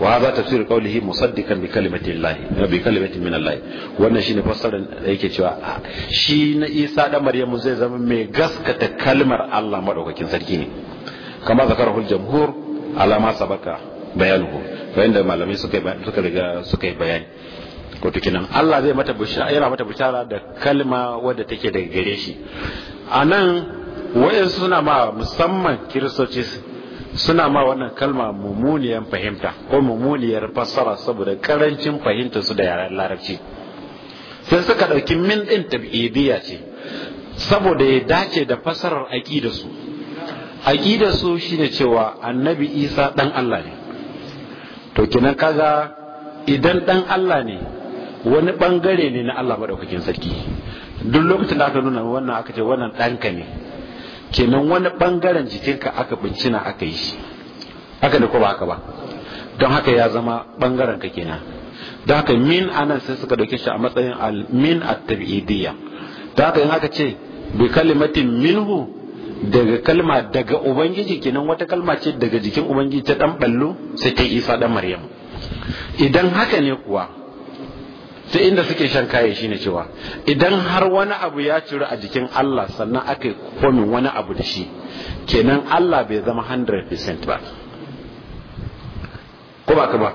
wa hadha tafsir qawlihi musaddiqan bi kalimati llahi bi kalimati min llahi wannan shine fassarar da yake cewa shi na Isa da Maryamu zai zama mai gaskata kalmar Allah madaukakin sarki ne kama zakarahu al-jamhur ala ma sabaka bayanuhu fa malamai suka suka riga suka bayani ko kenan Allah zai mata bushara yana mata bushara da kalma wadda take daga gare shi anan wayansu suna ma musamman kiristoci suna ma wannan kalma mummuniyar fahimta ko mummuniyar fassara saboda karancin fahimta su da yaren larabci sai suka ɗauki min ɗin tabi'idiyya ce saboda ya dace da fassarar aƙidarsu su shine cewa annabi isa ɗan allah ne to kinan kaga idan ɗan allah ne wani ɓangare ne na allah maɗaukakin sarki duk lokacin da aka nuna wannan aka ce wannan ɗanka ne kenan wani bangaren jikinka aka bincina aka yi shi aka da ba aka ba don haka ya zama bangaren ka kenan don haka min anan sai suka dauke shi a matsayin min at-tabidiyya don haka in aka ce bi kalimatin minhu daga kalma daga ubangiji kenan wata kalma ce daga jikin ubangiji ta dan ballo sai ta isa dan maryam idan haka ne kuwa ta inda suke shan shi ne cewa idan har wani abu ya ciru a jikin Allah sannan aka yi komin wani abu da shi kenan Allah bai zama 100% ba ko ba ka ba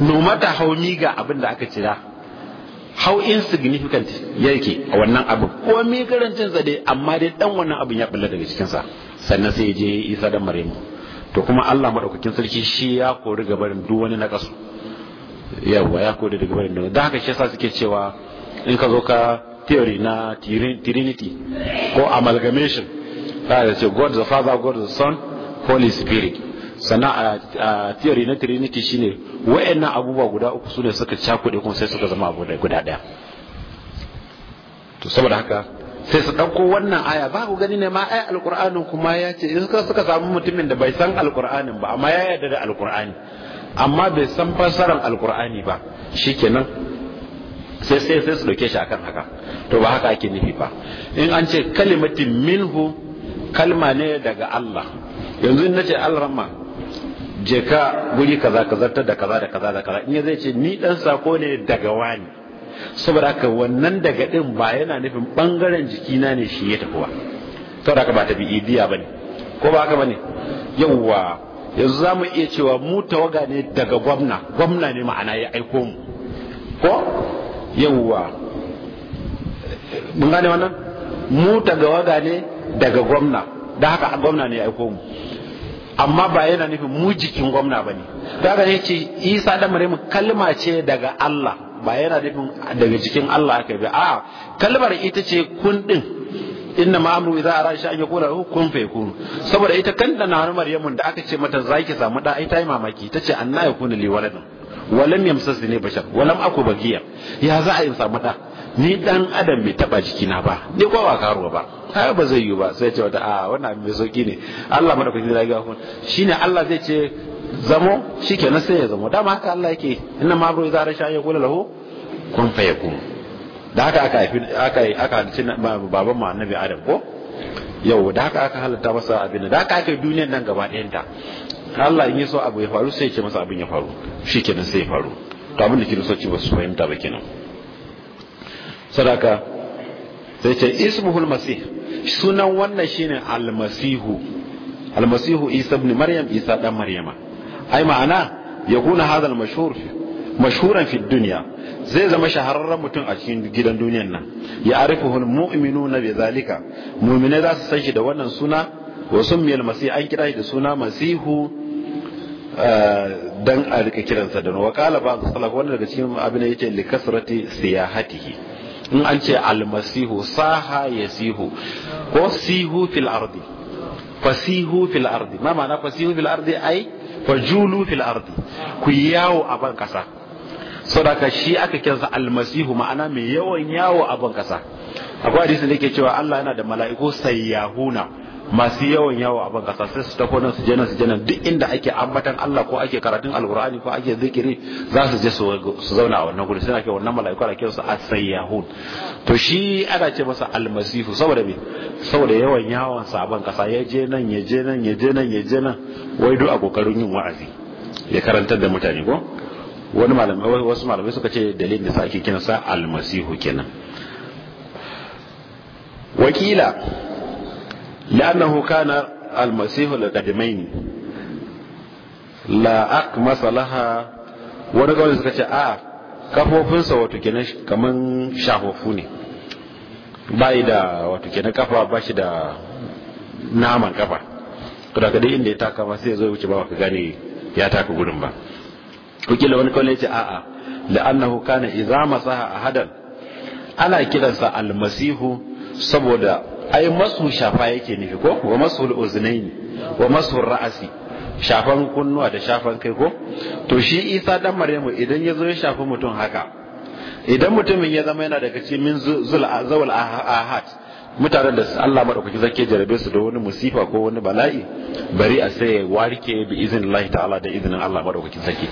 no matter how miga abin da aka cira how insignificant yake a wannan abu ko migarancin sa dai amma dai dan wannan abin ya bulla daga cikin sa sannan sai ya je Isa da Maryamu to kuma Allah madaukakin sarki shi ya kori gabarin duk wani na kasu yawa ya kore daga barin dono haka shi yasa suke cewa in ka zo ka theory na trinity ko amalgamation za a ce god the father god the son holy spirit sannan a theory na trinity shine wa'annan abubuwa guda uku su ne suka cakuɗe kuma sai suka zama abu guda ɗaya to saboda haka sai su ɗauko wannan aya ba ku gani ne ma ai alƙur'anin kuma ya ce in suka samu mutumin da bai san alƙur'anin ba amma ya yarda da alƙur'ani amma bai san fassarar alkur'ani ba shikenan sai sai sai su dauke shi akan haka to ba haka ake nufi ba in an ce kalimatin minhu kalma ne daga Allah yanzu in nace Allah je ka guri kaza kaza ta da kaza da kaza da kaza in zai ce ni dan sako ne daga wani saboda haka wannan daga din ba yana nufin bangaren jikina ne shi ya tafi ba saboda haka ba ta bi idiya bane ko ba haka bane yawwa yanzu za mu iya cewa mu tawaga ne daga gwamna gwamna ne ma'ana ya aiko mu ko yawwa mun gane wannan mu tawaga ne daga gwamna da haka gwamna ne ya aiko mu amma ba yana nufin mu jikin gwamna ba ne da haka ce isa da marimu kalma ce daga allah ba yana nufin daga jikin allah aka ba a kalmar ita ce kundin inna ma amru idza ara sha an kula lahu kun fayakun saboda ita kanta na har maryamun da aka ce mata zaki samu da ai ta yi mamaki tace anna yakunu li waladun walam yamsas ne bashar walam aku bagiya ya za a in samu da ni dan adam bai taba jikina ba ni kwa ba karuwa ba ai ba zai yi ba sai ce wata a wannan mai sauki ne Allah madaukakin da gafun shine Allah zai ce zamo na sai ya zamo dama haka Allah yake inna ma amru idza ara sha an kula lahu kun yakunu da haka aka haifi aka aka halice baban mu annabi adam ko yau da haka aka halitta masa abin da haka aka yi duniyar nan gaba ɗayan ta Allah in yaso abu ya faru sai ya ce masa abin ya faru shikenan sai ya faru to abin da kiristoci ba su fahimta ba kenan sadaka sai ce ismuhul masih sunan wannan shine almasihu almasihu isa ibn maryam isa dan maryama ai ma'ana yakuna hadha almashhur mashhuran fi dunya zai zama shahararren mutum a cikin gidan duniyan nan ya mu'minu na bi zalika mu'mine za su san shi da wannan suna wa summiyal masih an kira shi da suna masihu eh, dan a rika kiransa da wa qala ba salaf wanda daga cikin abin yace li kasrati siyahatihi in an ce almasihu saha yasihu ko sihu fil ardi fasihu fil ardi ma ma'ana fasihu fil ardi ai fajulu fil ardi ku yawo a ban kasa sadaka shi aka kiransa almasihu ma'ana mai yawan yawo a ban kasa akwai hadisi da yake cewa Allah yana da mala'iku sayyahuna masu yawan yawo a ban kasa sai su tafi nan su je su je duk inda ake ambatan Allah ko ake karatun alqur'ani ko ake zikiri za su je su zauna a wannan guri suna kai wannan mala'iku da kiransa as-sayyahun to shi ana ce masa almasihu saboda me saboda yawan yawon sa a ban kasa ya je nan ya je nan ya je nan ya je nan wai duk a kokarin yin wa'azi ya karantar da mutane ko wani malamai wasu malamai suka ce dalilin da sa ake sa almasihu kenan wakila لأنه kana almasihu لقدمين la أقمص laha. wani gawar suka ce a kafofinsa wato kenan kaman shafofu ne bayi da wato kenan kafa ba shi da naman kafa to daga dai inda ya taka ba sai ya zo wuce ba ka gane ya taka gudun ba wakila wani kawai ce a'a la'annahu kana idza masaha ahadan ana kiransa almasihu saboda ai masu shafa yake nufi ko wa masu wa masu ra'asi shafan kunnuwa da shafan kai ko to shi isa dan maryamu idan ya zo ya shafi mutum haka idan mutumin ya zama yana daga cikin min zawal ah-, ahad mutanen da Allah madaukaki zake jarabe su da wani musifa ko wani bala'i bari a sai warke bi izinin Allah ta'ala da izinin Allah madaukaki zake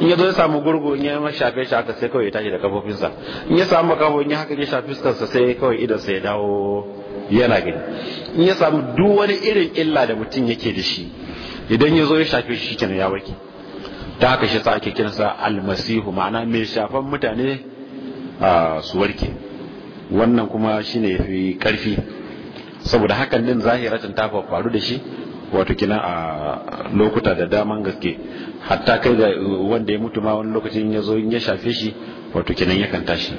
in ya zo ya samu gurgu in ya shafe shi haka sai kawai ya tashi da kafofinsa in ya samu kafo in ya haka ya shafi fuskarsa sai kawai idan sai ya dawo yana gani in ya samu duk wani irin illa da mutum yake da shi idan ya zo ya shafe shi kenan ya warke ta haka shi sa ake kiransa almasihu ma'ana mai shafan mutane ah, su warke wannan kuma shine yafi karfi saboda hakan din zahiratin ta faru da shi wato kina a lokuta da daman gaske hatta kai ga wanda ya mutu ma wani lokacin ya zo ya shafe shi wato kinan kanta tashi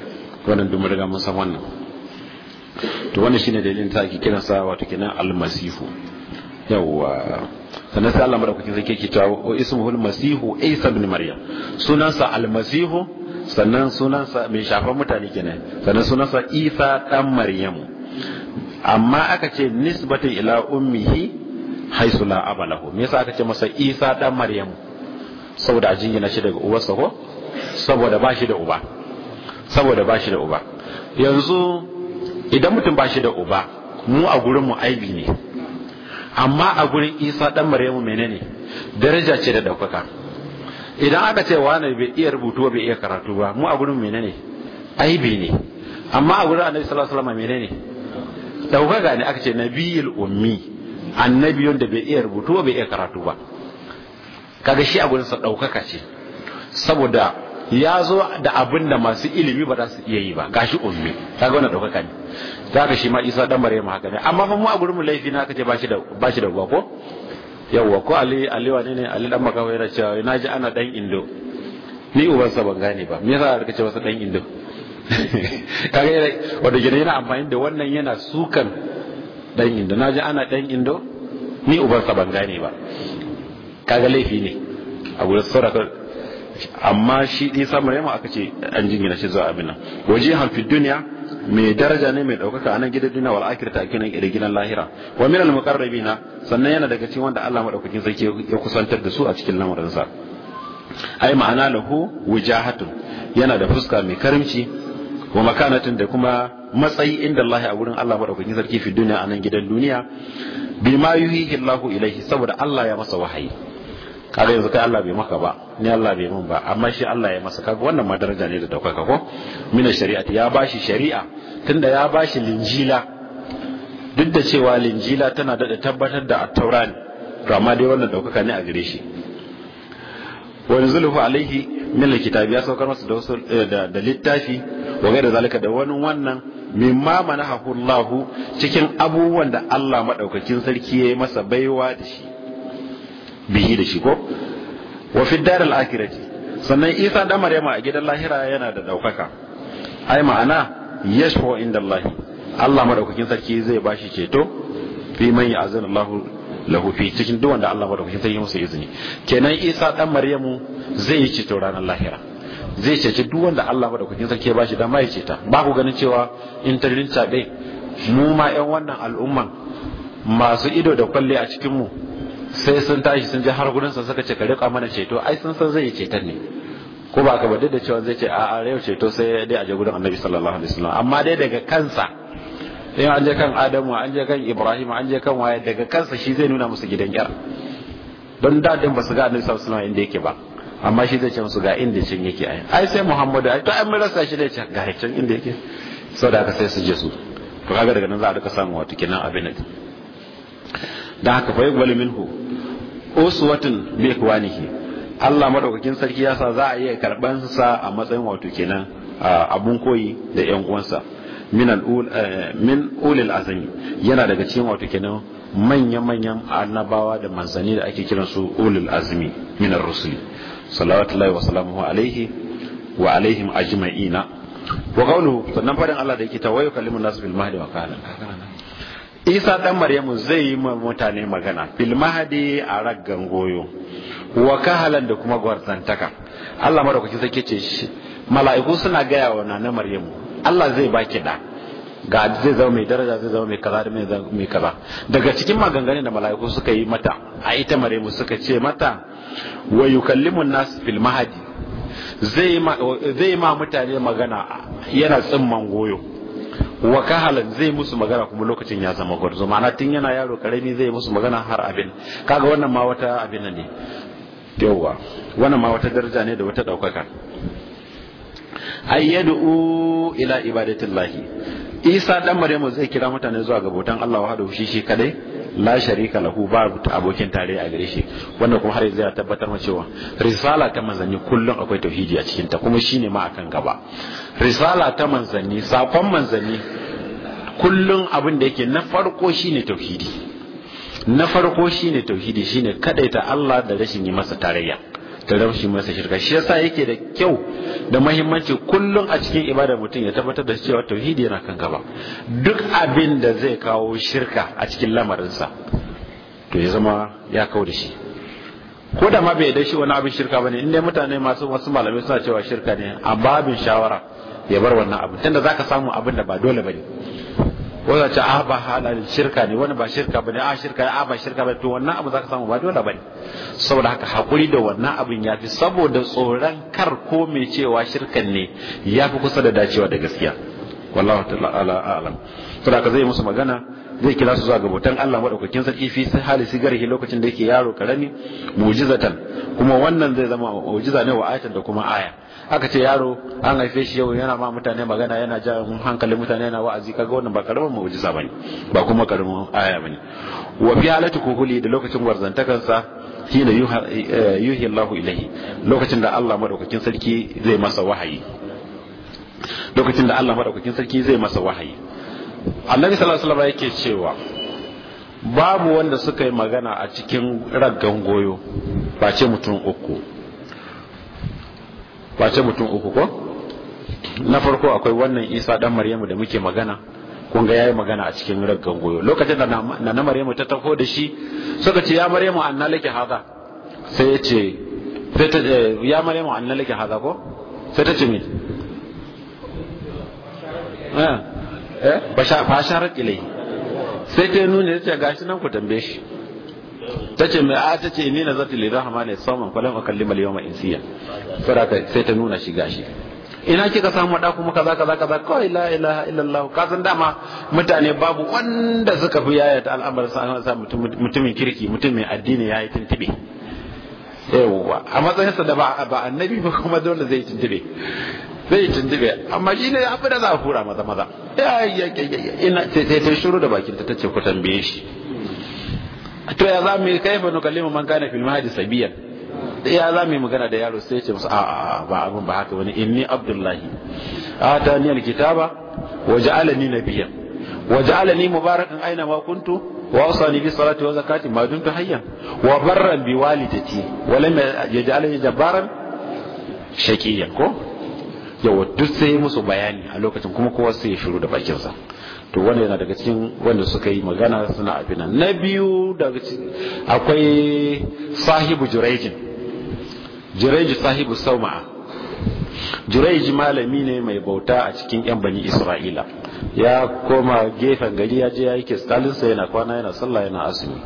wannan duk riga mun san wannan to wannan shine dalilin ta ake kiransa wato kinan almasifu yawwa sannan sai Allah madaukakin sarki yake cewa wa ismuhul masihu isa ibn maryam sunansa almasihu sannan sunansa mai shafan mutane kenan sannan sunansa isa dan maryam amma aka ce nisbatu ila ummihi haisu la abalahu me yasa aka ce masa isa dan maryam saboda a jingina shi daga uwarsa ko saboda ba shi da uba saboda ba shi da uba yanzu idan mutum ba shi da uba mu a gurin mu aibi ne amma a gurin isa dan maryamu menene daraja ce da daukaka idan aka ce wani bai iya rubutu bai iya karatu ba mu a gurin menene aibi ne amma a gurin annabi sallallahu alaihi wasallam menene daukaka ne aka ce nabiyul ummi annabi da bai iya rubutu bai iya karatu ba kaga shi a gurin sa daukaka ce saboda ya zo da abin da masu ilimi ba za su iya yi ba gashi ummi ta ga wannan ɗaukaka ne za ka shi ma isa dan maryam haka ne amma fa mu a gurin mu laifi na kace ba shi da ba shi da uwa ko yawwa ko ali ali wane ne ali dan makawa yana cewa na ji ana dan indo ni uban sa ban gane ba me yasa da kace wasa dan indo kaga yana wanda gidan yana amfani da wannan yana sukan dan indo na ji ana dan indo ni uban sa ban gane ba kaga laifi ne a gurin sauraron amma shi ɗi sama yamma aka ce an gina shi zuwa abin nan waje hafi duniya mai daraja ne mai ɗaukaka a nan gidan duniya wal akhirata a kinan da gidan lahira wa min al muqarrabina sannan yana daga cikin wanda Allah madaukakin sarki ya kusantar da su a cikin lamarinsa ai ma'ana lahu wujahatun yana da fuska mai karimci wa makanatin da kuma matsayi inda Allah a wurin Allah madaukakin sarki fi duniya a nan gidan duniya bima yuhihi Allahu ilaihi saboda Allah ya masa wahayi kada yanzu kai Allah bai maka ba ni Allah bai mun ba amma shi Allah ya masa kaga wannan ma daraja ne da daukaka ko mina shari'ati ya bashi shari'a tunda ya bashi linjila duk da cewa linjila tana da tabbatar da at-taura ne to amma dai wannan daukaka ne a gare shi wa yanzuluhu alaihi min alkitabi ya saukar masa da eh, da littafi wa da zalika da wani wannan mimma manahu Allah cikin abubuwan da Allah madaukakin sarki ya yi masa baiwa da shi bihi da shi ko wa fi daril akhirati sannan isa da maryama a gidan lahira yana da daukaka ai ma'ana yashfa inda allah allah madaukakin sarki zai bashi ceto fi man ya'zana allah lahu fi cikin duk wanda allah madaukakin sarki masa izini kenan isa dan maryamu zai yi ceto ranar lahira zai ceci duk wanda allah madaukakin sarki ya bashi dama ya ceta ba ku ganin cewa in tarrin tabe mu ma yan wannan al'umman masu ido da kwalle a cikin mu sai sun tashi sun je har gurin sa suka ce kare mana ceto ai sun san zai ceton ne ko ba ka bada da cewa zai ce a a ceto sai dai a je gurin annabi sallallahu alaihi wasallam amma dai daga kansa in an je kan adamu an je kan ibrahim an je kan waye daga kansa shi zai nuna musu gidan yar don da din ba su ga annabi sallallahu alaihi wasallam inda yake ba amma shi zai ce musu ga inda can yake ai ai sai muhammadu ai to ai mun rasa shi ne can ga can inda yake saboda haka sai su je su to kaga daga nan za a duka samu wato kinan abin da haka fa yaqbalu minhu uswatun bi ikwanihi Allah madaukakin sarki ya sa za a iya karban sa a matsayin wato kenan abun koyi da yan uwansa min eh, min ulil azami yana daga cikin wato kenan manya-manyan annabawa da manzani da ake kiran su ulil azmi min ar-rusuli salawatullahi wa salamuhu alaihi wa alaihim ajma'ina wa qawluhu sannan fadin Allah da yake ta wayo kallimun nas bil mahdi wa kana isa ɗan maryamu zai yi ma mutane magana fil mahadi a raggan goyo wa kahalan da kuma gwarzantaka Allah madaukakin sarki ce shi mala'iku suna gaya wa nana maryamu Allah zai baki da ga zai zama mai daraja zai zama mai kaza da mai kaza daga cikin maganganun da mala'iku suka yi mata a ita maryamu suka ce mata wa yukallimun nas fil mahadi zai ma mutane magana yana tsimman goyo wa zai musu magana kuma lokacin ya zama gwarzo ma'ana tun yana yaro karami zai musu magana har abin kaga wannan ma wata abin ne yawwa wannan ma wata daraja ne da wata daukaka ayyadu ila ibadatillahi isa dan maryamu zai kira mutane zuwa ga bautan Allah wa hadu shi shi kadai la sharika lahu babu ta abokin tare a gare shi wannan kuma har yanzu ya tabbatar mu cewa risala ta manzanni kullum akwai tauhidi a cikin ta kuma shine ma akan gaba risala ta manzanni sakon manzanni kullum abin da yake na farko shine tauhidi na farko shine tauhidi shine kadaita Allah da rashin yi masa tarayya ta ramshi masa shirka shi yasa yake da kyau da muhimmanci kullum a cikin ibada mutum ya tabbatar da cewa tauhidi yana kan gaba duk abin da zai kawo shirka a cikin lamarinsa to ya zama ya kau da shi ko da ma bai da shi wani abin shirka bane inda mutane masu wasu malamai suna cewa shirka ne a babin shawara ya bar wannan abin tunda zaka samu abin da ba dole bane wanda ce a ah, ba halal shirka ne wani ba shirka bane a ah, shirka a ah, ba shirka bane to wannan abu zaka samu ba dole bane saboda haka hakuri da wannan abin fi saboda tsoron kar ko mai cewa shirkan ne ya fi kusa da dacewa da gaskiya wallahu ta'ala a'lam saboda ka zai musu magana zai kira su zuwa ga Allah madaukakin sarki fi hali sigarhi lokacin da yake yaro karami mu'jizatan kuma wannan zai zama mu'jiza ne wa ayatan da kuma aya aka ce yaro an haife shi yau yana ma mutane magana yana ja hankalin mutane yana wa'azi kaga wannan ba karamin mu'jiza bane ba kuma karamin aya bane wa fi halatu kuhuli da lokacin gwarzantakan sa hina eh, yuhi Allah ilaihi lokacin da Allah madaukakin sarki zai masa wahayi lokacin da Allah madaukakin sarki zai masa wahayi Annabi sallallahu alaihi wasallam yake cewa babu wanda suka yi magana a cikin raggan goyo ba ce mutum uku face mutum uku ko na farko akwai wannan isa dan maryamu da muke magana kun ga yayi magana a cikin raggan goyo lokacin da na na maryamu ta taho da shi suka ce ya maryamu anna laki hada sai ya ce eh, ya maryamu anna laki hada ko sai ta ce me eh eh fasharat ilai sai ta nuna ta ce gashi nan ku tambaye shi ta ce mai a ta ce ni nazartu lirrahmani sawman falam akallima al-yawma insiya saraka sai ta nuna shi gashi ina kika samu wada kuma kaza kaza kaza ko la ilaha illallah ka san dama mutane babu wanda suka fi yaya ta al'amarin sa sa mutumin kirki mutumin addini yayi tintibe yawwa a matsayinsa da ba ba annabi ba kuma dole zai tintibe zai tintibe amma shi ne abin da za a hura maza maza ina sai ta shiru da bakinta ta tace ku tambaye shi to ya za mu yi kai fa nukallimu man kana fil mahadi sabiyan ya za mu magana da yaro sai ya ce musu a ba abin ba haka wani inni abdullahi ni alkitaba wa ja'alani nabiyyan wa ja'alani mubarakan aina ma kuntu wa usani bi salati wa zakati ma ta hayyan wa barran bi walidati wa lam yaj'alani jabbaran shaqiyan ko yawa duk sai musu bayani a lokacin kuma kowa sai ya shiru da bakinsa to wanda yana daga cikin wanda suka yi magana suna abin nan na biyu daga cikin akwai sahibu jurejin jureji sahibu sauma'a jureji malami ne mai bauta a cikin yan bani isra'ila ya koma gefen gari ya je ya yi kistalinsa yana kwana yana sallah yana asumi.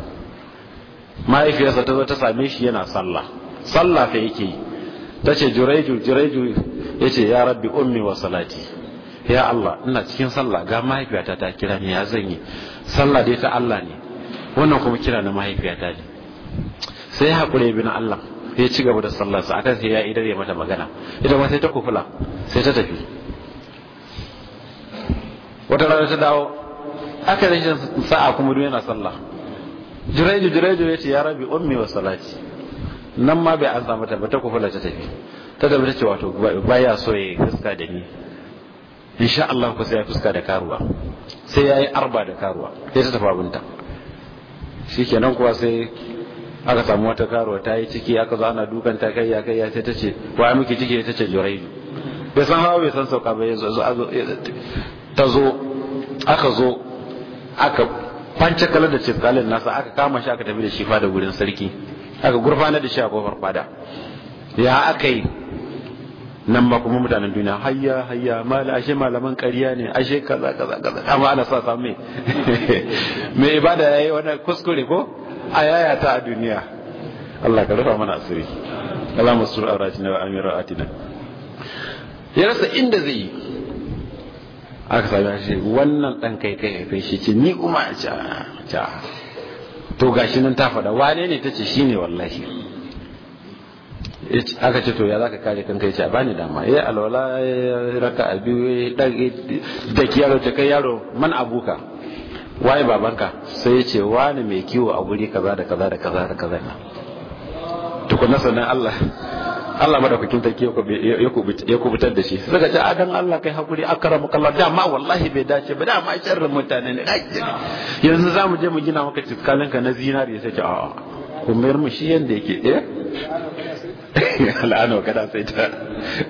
mahaifiyarsa ta zo ta same shi yana sallah sallah fa yake yi ta ce jureju jureju ya ce ya rabbi ummi wa salati ya Allah ina cikin sallah ga mahaifiyata ta kira ni ya zan yi sallah dai ta Allah ne wannan kuma kira na mahaifiyata ne sai hakuri ibn Allah ya ci gaba da sallar sa akan sai ya idare mata magana ita ma sai ta kufula sai ta tafi wata rana ta dawo aka rashin sa'a kuma duk yana sallah jiraiju jiraiju ya ce ya rabi ummi wa salati nan ma bai an samu ta ba ta kufula ta tafi ta tafi ta ce wato baya soyayya gaska da ni insha Allah ku sai ya fuska da karuwa sai ya yi arba da karuwa sai ta tafi abinta kenan kuwa sai aka samu wata karuwa ta yi ciki aka zo ana dukan ta kai ya kai ya sai ta ce wa miki ciki ta ce juraidu bai san hawa bai san sauka ba ta zo aka zo aka fance kalar da cikalin nasa aka kama shi aka tafi da shi fada gurin sarki aka gurfana da shi a kofar fada ya aka yi nan ba kuma mutanen duniya hayya hayya mala ashe malaman ƙarya ne ashe kaza kaza kaza amma ana sa samu me me ibada yayi wannan kuskure ko a yaya ta a duniya Allah ka rufa mana asiri Allah sura aratina na amira atina ya rasa inda zai aka sami shi wannan dan kai kai kai shi ce ni kuma a ca ah, ah. to gashi nan ta faɗa wane ne ta ce shine wallahi aka ce to ya zaka kare kanka ya ce a bani dama ya eh, alwala eh, raka a biyu eh, da ki yaro ta kai yaro man abuka waye babanka sai ya ce wani mai kiwo a guri kaza da kaza da kaza da kaza na tukuna sanan Allah Allah madaukakin sarki ya kubutar da shi suka ce adan Allah kai hakuri akramu kallah dama wallahi bai dace ba dama sharrin mutane ne yanzu zamu je mu gina maka cikalin ka na zinari sai ce a'a kuma mu shi yanda yake eh al'ana wa kada sai ta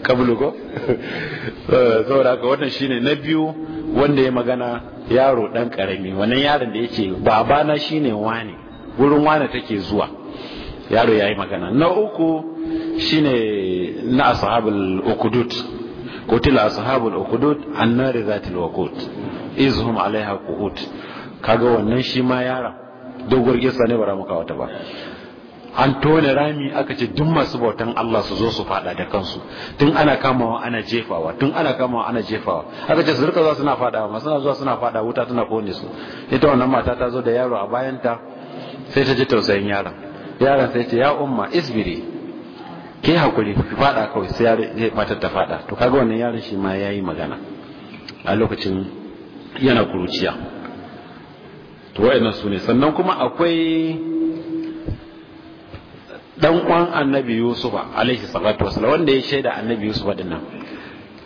kablu ko eh, saboda haka wannan shine na biyu wanda ya magana yaro dan karami wannan yaron da yake babana shine wani wurin wani take zuwa yaro yayi magana na uku shine na ashabul ukudut qutila ashabul ukudut annari zatil waqut izhum alaiha qu'ud kaga wannan shi ma yaron dogon gisa ne bara muka wata ba an tona rami aka ce duk masu bautan Allah su zo su fada da kansu tun ana kamawa ana jefawa tun ana kamawa ana jefawa aka ce su rika zuwa suna fadawa masu zuwa suna fada wuta tana kone su ita wannan mata ta zo da yaro a bayanta sai ta ji tausayin yaron yaron sai ce ya umma isbiri ke hakuri ki fada kawai sai yaro zai fatar ta fada to kaga wannan yaron shi ma yayi magana a lokacin yana kuruciya to wayannan su sannan kuma akwai dan uwan annabi yusuf alaihi salatu wasallam wanda ya shaida annabi yusuf din nan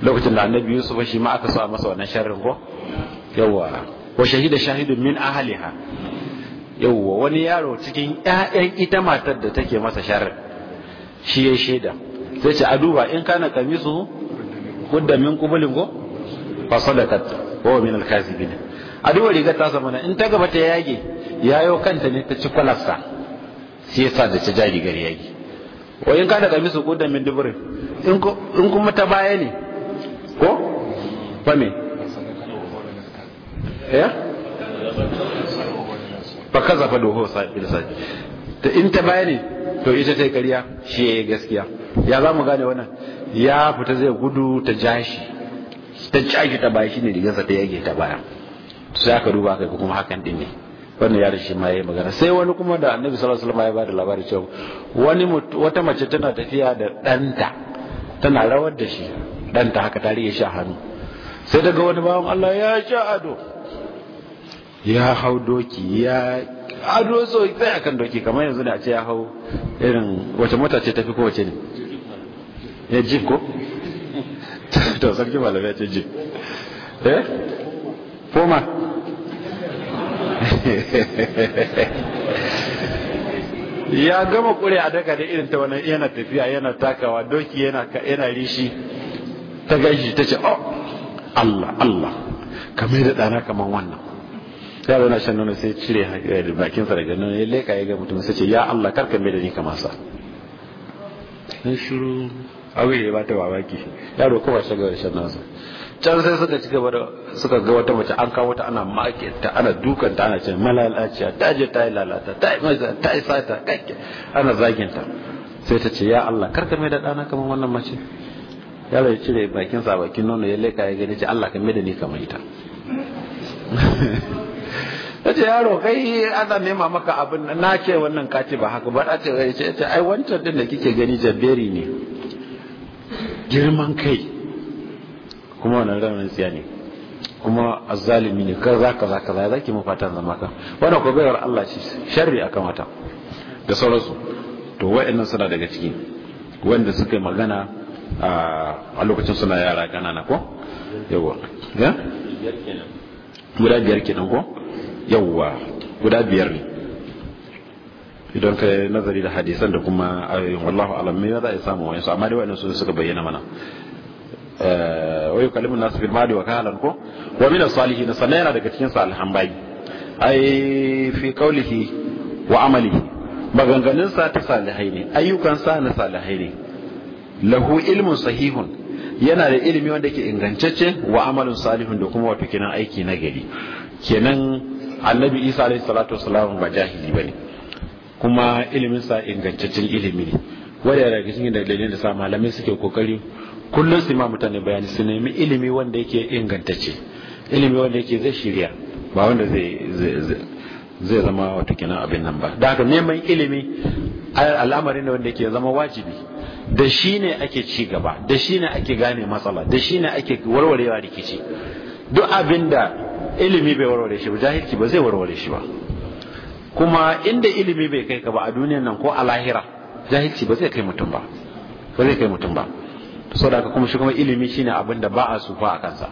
lokacin da annabi yusuf shi ma aka sa masa wannan sharrin ko yawa wa shahida shahidun min ahliha yawa wani yaro cikin ƴaƴan ita matar da take masa sharrin shi ya shaida sai ce a duba in kana kamisu kudda min kubulin ko fa sadaqat wa min al-kazibin a duba rigar ta zama in ta gaba ta yage yayo kanta ne ta ci kwalarsa shi yasa da ta jari gari yaki wa in daga misu kudan min dubrin in kuma ta baya ne ko ba me ya eh? fa ka fa doho sabil sabil ta in ta baya ne to ita ta yi kariya shi ya yi gaskiya ya za mu gane wannan ya fita zai gudu ta jashi ta jashi ta baya shi ne rigarsa ta yage ta baya sai aka duba kai kuma hakan din ne wannan ya rishi ma yayi magana sai wani kuma da annabi sallallahu alaihi wasallam ya bada labari cewa wani wata mace tana tafiya da danta tana rawar da shi danta haka ta rike shi a hannu sai daga wani bawan Allah ya sha ado ya hau doki ya ado so sai kan doki kamar yanzu ne a ce ya hau irin wace mota ce tafi ko wace ne ya jeep ko to sarki malamai ya ce jeep eh foma ya gama kure a daga da irin ta wani yana tafiya yana takawa doki yana yana rishi ta gashi ta ce oh Allah Allah kamar da dana kamar wannan yaro na shan nono sai cire eh, bakin sa daga nono ya leka ya ga mutum sai ce ya Allah ka mai da ni kamar sa dan shiru abin ba ta babaki yaro kuma shagawar shan nono can sai suka ci gaba da suka ga wata mace an kawo ta ana make ta ana dukan ta ana ce malalaciya ta je ta yi lalata ta yi maza ta yi sata kake ana zagin ta sai ta ce ya Allah kar ka mai da dana kamar wannan mace Ya ya cire bakin sa bakin nono ya leka ya gani ce Allah ka mai da ni kamar ita ta ce yaro kai ana nema maka abin na ce wannan kaci ba haka ba ta ce ai wancan din da kike gani jabberi ne girman kai kuma wannan ranar tsiya ne kuma azzalimi ne kaza zaka zaka zaki mu fatan zama ka wannan ko bayar Allah ce sharri akan wata da sauransu to wa'annan suna daga ciki wanda suka yi magana a lokacin suna yara kanana ko yawa ya guda biyar kenan ko yawa guda biyar ne idan ka nazari da hadisan da kuma ayoyin wallahu alam me za a samu su amma dai wa'annan su suka bayyana mana Eh, wa yukallimu nasu fil mali wa kahalan ko wa min as-salihin sannan yana daga cikin salihan bayi ai fi qawlihi wa amalihi maganganun sa ta salihai ne ayyukan sa na salihai ne lahu ilmun sahihun yana da ilimi wanda ke ingantacce wa amalun salihun da kuma wato kenan aiki na gari kenan annabi isa alaihi salatu wasalam ba jahili bane kuma ilimin sa ingantaccen ilimi ne wanda daga cikin dalilin da sa malamai suke kokari kullum su ma mutane bayani su nemi ilimi wanda yake ingantacce ilimi wanda yake zai shirya ba wanda zai zai zama wata kenan abin nan ba da haka neman ilimi al'amari ne wanda yake zama wajibi da shi ne ake ci gaba da shi ne ake gane matsala da shi ne ake warwarewa rikici duk abin da ilimi bai warware shi ba jahilci ba zai warware shi ba kuma inda ilimi bai kai ka ba a duniyan nan ko a lahira jahilci ba zai kai mutum ba ba zai kai mutum ba to saboda kuma shi kuma ilimi shine abin da ba a sufa a kansa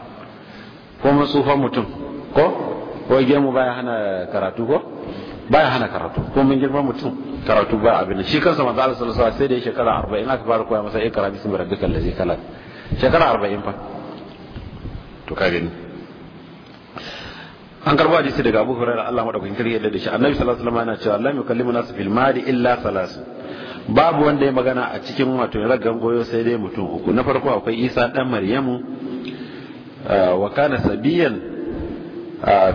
ko mun sufa mutum ko ko gemu baya hana karatu ko baya hana karatu ko mun girma mutum karatu ba abin shi kansa manzo Allah sallallahu alaihi wasallam sai da shekara 40 aka fara koya masa ikra bismi rabbika allazi khalaq shekara 40 fa to ka gani an karbo hadisi daga Abu Hurairah Allah madaukakin sarki yadda da shi Annabi sallallahu alaihi wasallam yana cewa Allah yukallimu nas fil mali illa thalath babu wanda ya magana a cikin wato ragan goyo sai dai mutum uku na farko akwai isa dan maryamu wa kana sabiyan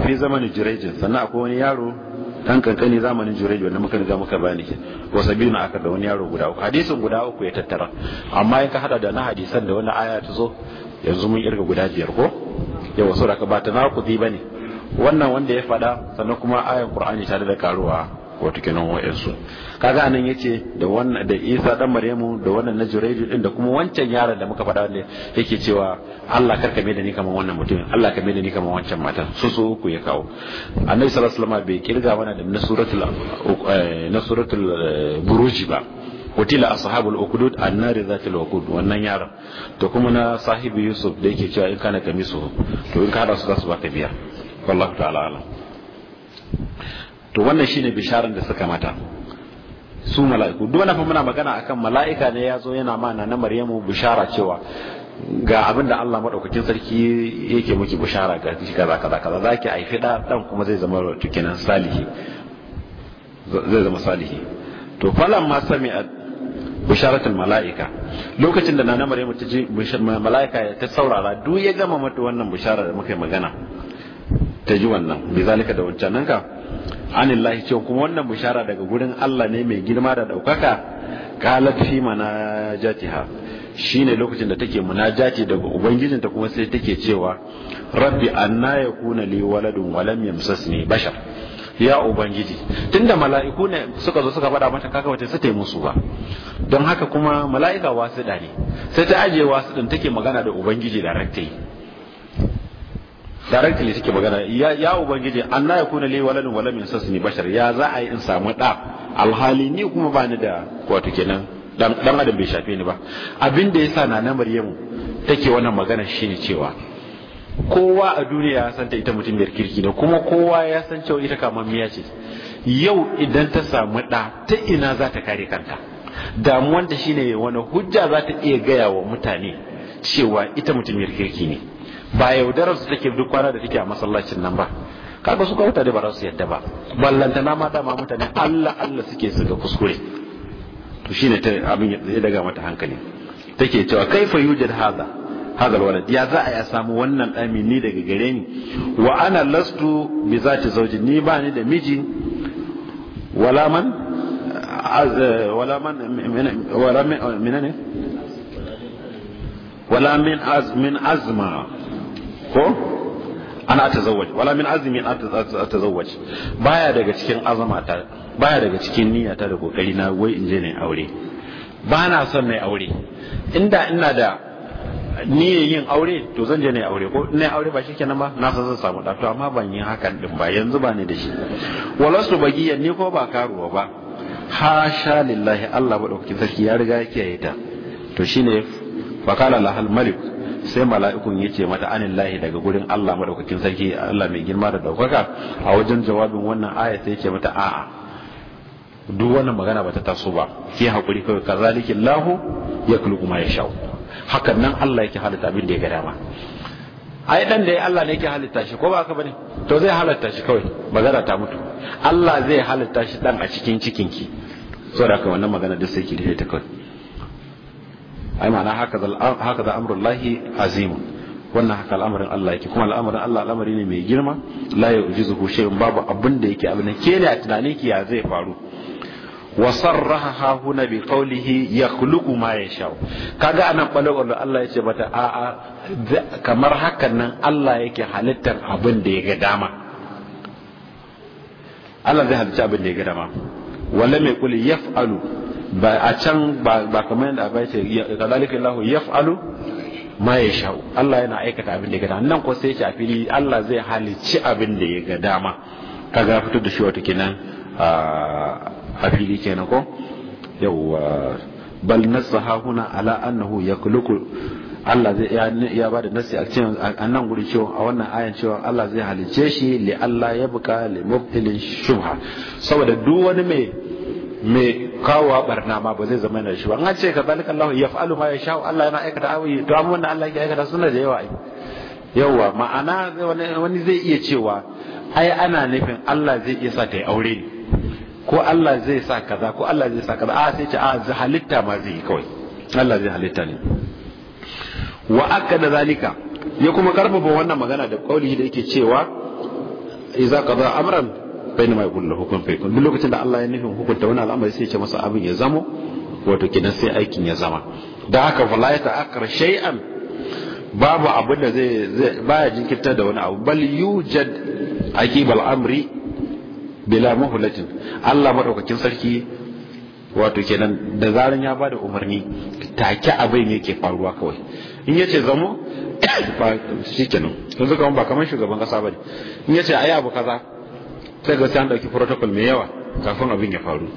fi zamanin jurejin sannan akwai wani yaro dan kankani zamanin jureji wanda muka riga muka bani wa sabina aka da wani yaro guda uku hadisin guda uku ya tattara amma in ka hada da na hadisan da wani aya ta zo yanzu mun irga guda biyar ko yawa saboda ka ba ta na ku bane wannan wanda ya fada sannan kuma ayan qur'ani ta da karuwa wato kenan wa'ansu kaga anan yace da wannan da Isa dan Maryamu da wannan na Jurayju din da kuma wancan yaron da muka faɗa wanda yake cewa Allah karka mai da ni kamar wannan mutum Allah ka mai da ni kamar wancan mata su su ku ya kawo Annabi sallallahu alaihi wasallam bai kirga mana da na suratul eh, na suratul eh, buruji ba kutila ashabul ukhdud annari zatil waqud wannan yaron to kuma na sahibi Yusuf da yake cewa in kana kamisu to in ka hada su za su baka biya wallahu ta'ala to wannan shine bisharar da suka mata su mala'iku duk wannan muna magana akan mala'ika ne ya zo yana mana na Maryamu bishara cewa ga abin da Allah madaukakin sarki yake miki bishara ga kaza kaza kaza zaki haifi da dan kuma zai zama tukinan salihi zai zama salihi to falan ma sami'at bisharatul mala'ika lokacin da nana Maryamu ta ji mala'ika ta saurara duk ya gama mata wannan bishara da muka magana ta ji wannan bizalika da wancan ka anillahi cewa kuma wannan bishara daga gurin Allah ne mai girma da daukaka qalat fi manajatiha shine lokacin da take munajati daga ta kuma sai take cewa rabbi anna yakuna li waladun wa lam yamsasni bashar ya ubangiji tunda mala'iku ne suka zo suka faɗa mata kaka wace ta yi musu ba don haka kuma mala'ika wasu ne sai ta ajiye wasu din take magana da ubangiji da raktai directly take magana ya ya ubangiji anna yakuna li waladun wala min sasni bashar ya za a yi in samu da alhali ni kuma ba ni da wato kenan dan adam bai shafe ni ba abin da yasa na na maryamu take wannan magana shine cewa kowa a duniya ya san ta ita mutum mai kirki ne kuma kowa ya san cewa ita miya ce yau idan ta samu da ta ina za ta kare kanta damuwanta shine wani hujja za ta iya gaya wa mutane cewa ita mutum mai kirki ne ba yaudarar su take duk kwana da take a masallacin nan ba kaga su kauta da ba su yadda ba ballantana ma dama mutane Allah Allah suke su ga kuskure to shine ta abin ya daga mata hankali take cewa kaifa yujad hadha hadha alwalad ya za a ya samu wannan dami ni daga gare ni wa ana lastu bi zati zawji ni ba ni da miji wala man wala man wala min wala min azma ko ana atazawwaj wala min azmi atazawwaj baya daga cikin azamata baya daga cikin niyyata da kokari na wai in je ne aure ba na son mai aure inda ina da niyyar yin aure to zan je ne aure ko ne aure ba shikenan ba na san zan samu da to amma ban yi hakan din ba yanzu ba ne da shi walasu bagiyan ni ko ba karuwa ba hasha lillahi Allah ba dauki sarki ya riga ya kiyaye ta to shine fakala lahal malik sai mala'ikun ya ce mata anin lahi daga gurin Allah madaukakin sarki Allah mai girma da daukaka a wajen jawabin wannan aya sai ya ce mata a'a duk wannan magana bata taso ba ke hakuri kawai kazalika ya yakhluqu ma yasha hakan nan Allah yake halitta abin da ya ga a ai dan da Allah ne yake halitta shi ko ba haka bane to zai halitta shi kawai magana ta mutu Allah zai halitta shi dan a cikin cikinki saboda haka wannan magana duk sai ki da ta kawai ai ma'ana haka da amurin lahi azimun wannan haka al'amarin Allah yake kuma al'amarin Allah al'amari ne mai girma la ya uji zuhu shay'un babu abin da yake abin ke ne a tunanin ki ya zai faru wa sarraha ha huna bi qawlihi yakhluqu ma yasha kaga anan balagon da Allah yace bata a a kamar hakan nan Allah yake halittar abin da ya ga dama Allah zai halitta abin da ya ga dama wala mai kuli yaf'alu ba a can ba kamar yadda ba ce Allah ya fa'alu ma ya sha'u Allah yana aikata abin da ya gada nan ko sai ya a fili Allah zai halicci abin da ya ga dama kaga ya fito da shi wata kenan a fili kenan ko yawwa bal nasaha huna ala annahu yakluku Allah zai ya ba da nasi a cikin annan guri cewa a wannan ayan cewa Allah zai halicce shi li Allah ya buka li mubtilin shubha saboda duk wani mai mai kawowa barna ma ba zai zama yana shi ba an ce ka zalika Allah ya fa'alu ma ya sha Allah yana aikata awi to amma wannan Allah ya aikata suna da yawa yawa ma'ana wani zai iya cewa ai ana nufin Allah zai iya sa ta yi aure ko Allah zai sa kaza ko Allah zai sa kaza a sai ce a halitta ma zai yi kawai Allah zai halitta ne wa akada zalika ya kuma karfafa wannan magana da kauli da yake cewa idza qada amran bainama yaqulu kullu kun fa duk lokacin da Allah ya nufin hukunta wani al'amari sai ya ce masa abin ya zama, wato kenan sai aikin ya zama da haka fala ya ta'akkar shay'an babu abin da zai baya jinkirta da wani abu bal yujad aqibal amri bila muhlatin Allah madaukakin sarki wato kenan da zaran ya bada umarni take abin yake faruwa kawai in yace zamo ba shikenan yanzu kaman ba kaman shugaban kasa bane in yace ayi abu kaza sai ga sai an dauki protocol mai yawa kafin abin ya faru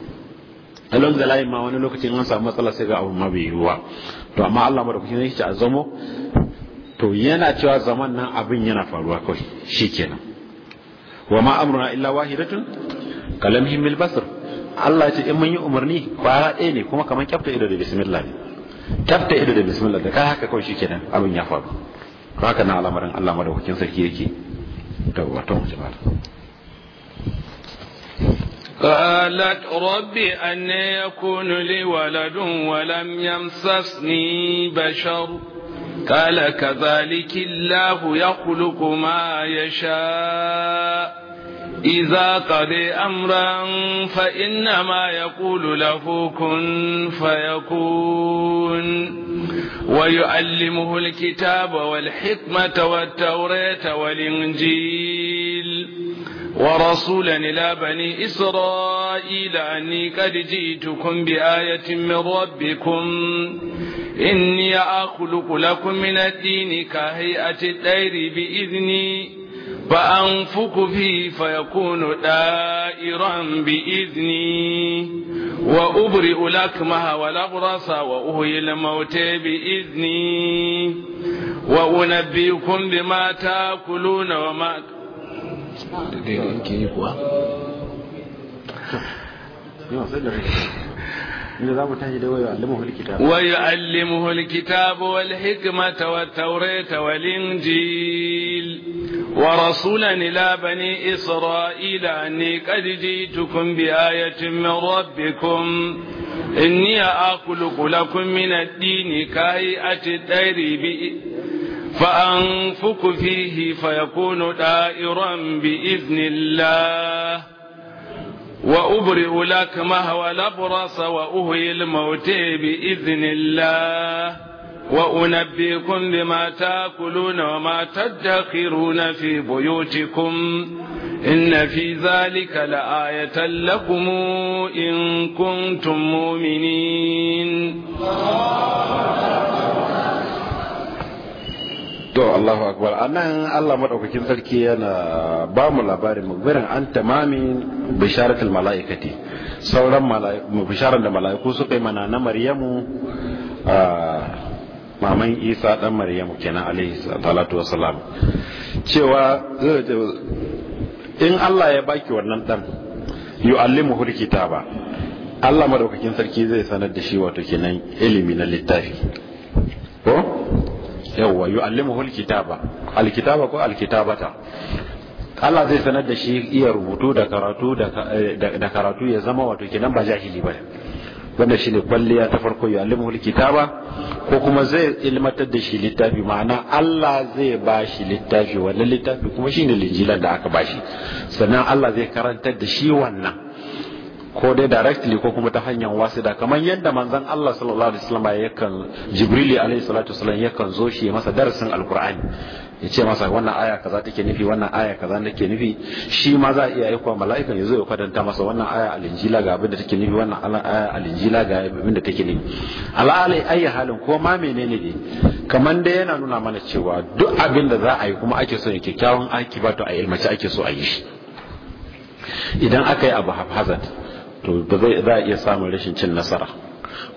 alon da line ma wani lokacin an samu matsala sai ga abu ma bai yiwuwa to amma Allah madaukakin yake a zamo to yana cewa zaman nan abin yana faruwa kawai shikenan wa ma amruna illa wahidatun kalamhim bil basr Allah ce in mun yi umarni kwara ɗaya ne kuma kamar kyafta ido da bismillah ne kyafta ido da bismillah da kai haka kawai shikenan abin ya faru haka na al'amarin Allah madaukakin sarki yake to wato jama'a قالت رب أن يكون لي ولد ولم يمسسني بشر قال كذلك الله يخلق ما يشاء إذا قضي أمرا فإنما يقول له كن فيكون ويعلمه الكتاب والحكمة والتوراة والإنجيل ورسولا إلى بني إسرائيل أني قد جئتكم بآية من ربكم إني أخلق لكم من الدين كهيئة الطير بإذني فأنفق فيه فيكون دائرا بإذني وأبرئ لكمها والأبرص وأهي الموت بإذني وأنبئكم بما تأكلون وما ويعلمه الكتاب والحكمة والتوراة والإنجيل ورسولا إلى بني إسرائيل أني قد جئتكم بآية من ربكم إني أخلق لكم من الدين كهيئة الطير فأنفك فيه فيكون دائرا بإذن الله وأبرئ لك مهوى الأبرص وأهي الموت بإذن الله وأنبئكم بما تأكلون وما تدخرون في بيوتكم إن في ذلك لآية لكم إن كنتم مؤمنين to Allahu akbar anan Allah maɗaukakin sarki yana ba mu labarin mugbirin an tamamin bisharatul mala'ikati sauran bisharar da mala'iku suka yi mana na Maryamu maman Isa ɗan Maryamu kenan alaihi salatu salam. cewa in Allah ya baki wannan dan yu'allimuhu ba, Allah maɗaukakin sarki zai sanar da shi wato kenan ilimi na littafi yawwa yu'allimuhu alkitaba alkitaba ko alkitabata Allah zai sanar da shi iya rubutu da karatu da eh, karatu ya zama wato kenan ba jahili ba wanda ne kwalliya ta farko yu'allimuhu alkitaba ko kuma zai ilmatar da shi littafi ma'ana Allah zai ba shi littafi wannan littafi kuma shi ne linjilan da aka ba shi sannan Allah zai karantar da shi wannan ko dai directly ko kuma ta hanyar wasida kamar yadda manzon Allah sallallahu alaihi wasallam yakan Jibrili alaihi salatu wasallam yakan zo shi masa darasin alqur'ani ya ce masa wannan aya kaza take nufi wannan aya kaza nake nufi shi ma za a iya aikowa mala'ika ya zo ya kwadanta masa wannan aya alinjila ga abin da take nufi wannan aya alinjila ga abin da take nufi al'alai ayi halin ko ma menene ne kamar dai yana nuna mana cewa duk abin da za a yi kuma ake so ya kyakkyawan aiki ba to a ilmace ake so a yi shi idan aka yi abu haphazard to da zai za a iya samun rashin cin nasara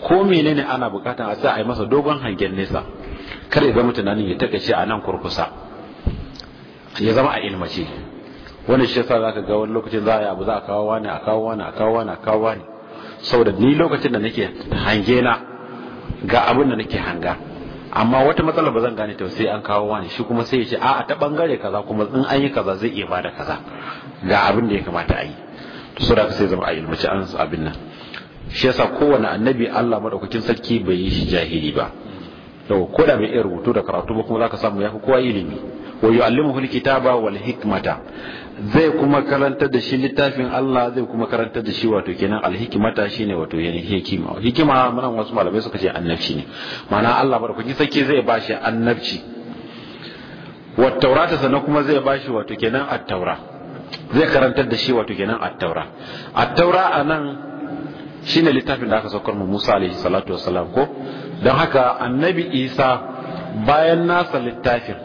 ko menene ana bukatan a sa a yi masa dogon hangen nesa kar ya zama tunanin ya takaice a nan kurkusa ya zama a ilmace wani shi yasa zaka ga wani lokacin za a yi abu za a kawo wani a kawo wani a kawo wani a kawo wani saboda ni lokacin da nake hange na ga abin da nake hanga amma wata matsala ba zan gane ta sai an kawo wani shi kuma sai ya ce a ta bangare kaza kuma in an yi kaza zai iya bada kaza ga abin da ya kamata a yi sura ka sai zama a ilmace an abin nan shi yasa kowane annabi Allah madaukakin sarki bai yi shi jahili ba to ko da bai iya rubutu da karatu ba kuma zaka samu yafi kowa ilimi wa yu'allimuhu alkitaba wal hikmata zai kuma karantar da shi littafin Allah zai kuma karantar da shi wato kenan hikmata shine wato yani hikima hikima mana wasu malamai suka ce annabci ne ma'ana Allah madaukakin sarki zai bashi annabci wa taurata sannan kuma zai bashi wato kenan at-taura zai karantar da shi wato kenan at-taura A taura anan shine littafin da aka saukar mu Musa alaihi salatu wassalam ko don haka annabi Isa bayan nasa littafin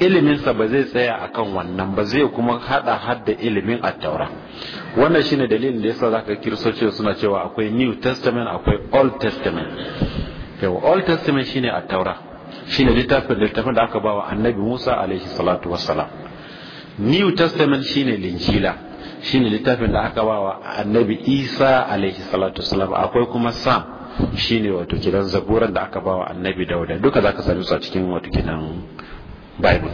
iliminsa ba zai tsaya a kan wannan ba zai kuma hada hadda ilimin at-taura wannan shine dalilin da yasa zaka kirsoci suna cewa akwai New Testament akwai Old Testament yau Old Testament shine at-taura shine littafin littafin da aka bawa annabi Musa alaihi salatu wassalam new testament shine linjila shine littafin da aka bawa annabi isa alaihi salatu wasalam akwai kuma sam shine wato kidan zaburan da aka bawa annabi dauda duka zaka sani su a cikin wato kidan bible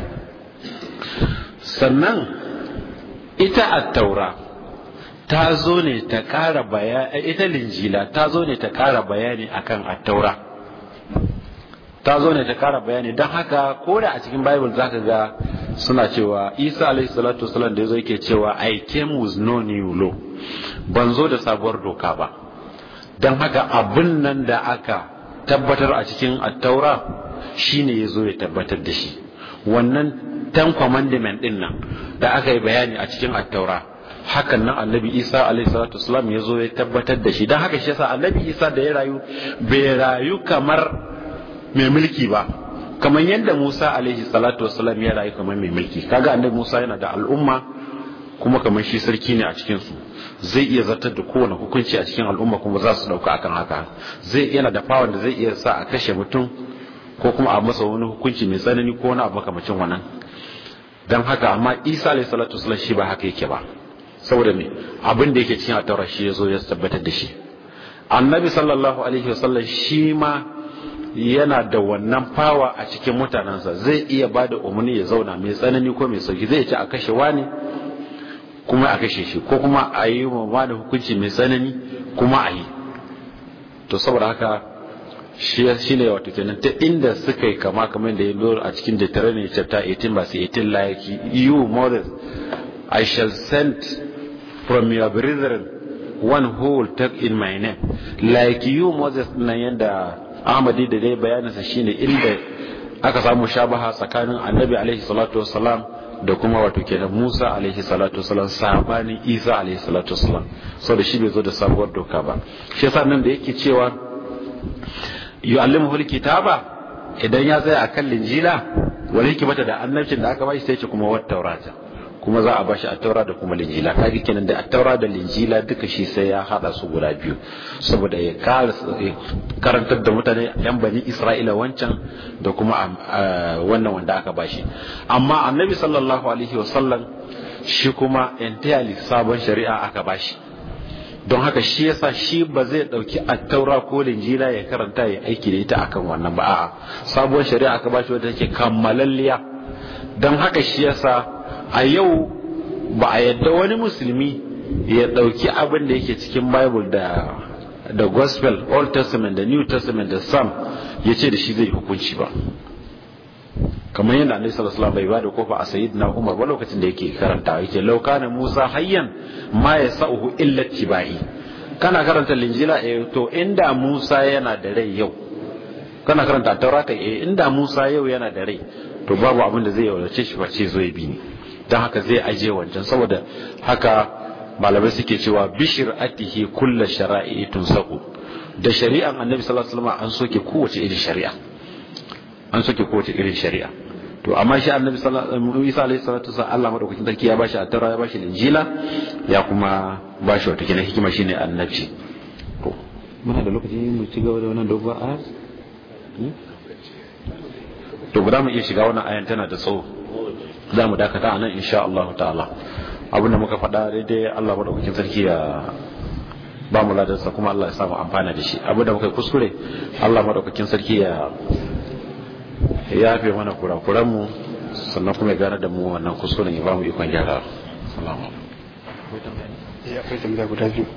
sannan ita at-taura ta zo ne ta ƙara bayani ita linjila ta zo ne ta kara bayani akan at-taura ta zo ne ta kara bayani don haka ko da a cikin bible za ka ga suna cewa isa alaihi salatu wasalam da yazo yake cewa i came with no new law ban zo da sabuwar doka ba don haka abin nan da aka tabbatar a cikin attaura shine zo ya tabbatar da shi wannan ten commandment din nan da aka yi bayani a cikin attaura hakan nan annabi isa salatu wasalam ya zo ya tabbatar da shi don haka shi yasa annabi isa da ya rayu bai rayu kamar mai mulki ba kamar yadda Musa alaihi salatu wasalam ya rayu kamar mai mulki kaga annabi Musa yana da al'umma kuma kamar shi sarki ne a cikin su zai iya zartar da kowane hukunci a cikin al'umma kuma za su dauka akan haka zai yana da fawa da zai iya sa a kashe mutum ko kuma a masa wani hukunci mai tsanani ko wani abu makamacin wannan dan haka amma Isa alaihi salatu wasalam shi ba haka yake ba saboda me abin da yake cikin a shi ya zo ya tabbatar da shi annabi sallallahu alaihi wasallam shi ma yana da wannan fawa a cikin mutanensa zai iya ba da umarni ya zauna mai tsanani ko mai sauki zai ce a kashe wani kuma a kashe shi ko kuma a yi wa da hukunci mai tsanani kuma a yi to saboda haka shi shi ne wato kenan ta inda suka yi kama kamar da ya lura a cikin Deuteronomy chapter 18 su 18 like you Moses I shall send from your brethren one who will take in my name like you Moses na yanda amadi da dai bayaninsa shine inda aka samu shabaha tsakanin annabi alaihi salatu wassalam da kuma wato kenan Musa alaihi salatu wassalam sabanin Isa alaihi salatu so da shi bai zo da sabuwar doka ba shi yasa nan da yake cewa yu'allimuhu alkitaba idan ya tsaya akan linjila wal bata da annabcin da aka bashi sai ce kuma wata taurata kuma za a bashi attaura da kuma linjila kaga kenan da attaura da linjila duka shi sai ya hada su guda biyu saboda ya karantar da mutane yan bani isra'ila wancan da kuma ah, wannan wanda aka bashi amma annabi sallallahu alaihi wasallam shi kuma entirely sabon shari'a aka bashi don haka shi yasa shi ba zai dauki attaura ko linjila ya karanta ya aiki da ita akan wannan ba a'a sabuwar shari'a aka bashi wadda take kammalalliya don haka shi yasa a yau ba a yadda wani musulmi ya ɗauki abin da yake cikin bible da da gospel old testament da new testament da sam ya ce da shi zai hukunci ba kamar yadda annabi sallallahu alaihi wasallam bai da kofa a sayyidina umar ba lokacin da yake karanta yake lauka na musa hayyan ma ya yasauhu illa tibai kana karanta linjila eh to inda musa yana da rai yau kana karanta taurata eh inda musa yau yana da rai to babu abin da zai yaulace shi face zo ya bi ni don haka zai aje wancan saboda haka malamai suke cewa bishir atihi kulla shara'i tunsaku da shari'an annabi sallallahu alaihi wasallam an soke kowace irin shari'a an soke kowace irin shari'a to amma shi annabi sallallahu isa alaihi salatu wasallam Allah madaukakin sarki ya bashi atara ya bashi injila ya kuma bashi wata kina hikima shine annabci to muna da lokaci mu ci gaba da wannan dogon ayat hmm? to ba za mu iya shiga wannan ayan tana da tsawo za mu dakata a nan insha Allah ta'ala abinda muka faɗa daidai Allah maɗaukakin sarki ya ba mu ladarsa kuma Allah ya samu amfana da shi abinda muka yi kuskure Allah maɗaukakin sarki ya yafe mana mu sannan kuma ya gane da mu wannan kuskuren ya ba mu ikon gyara. Salamu alaikum.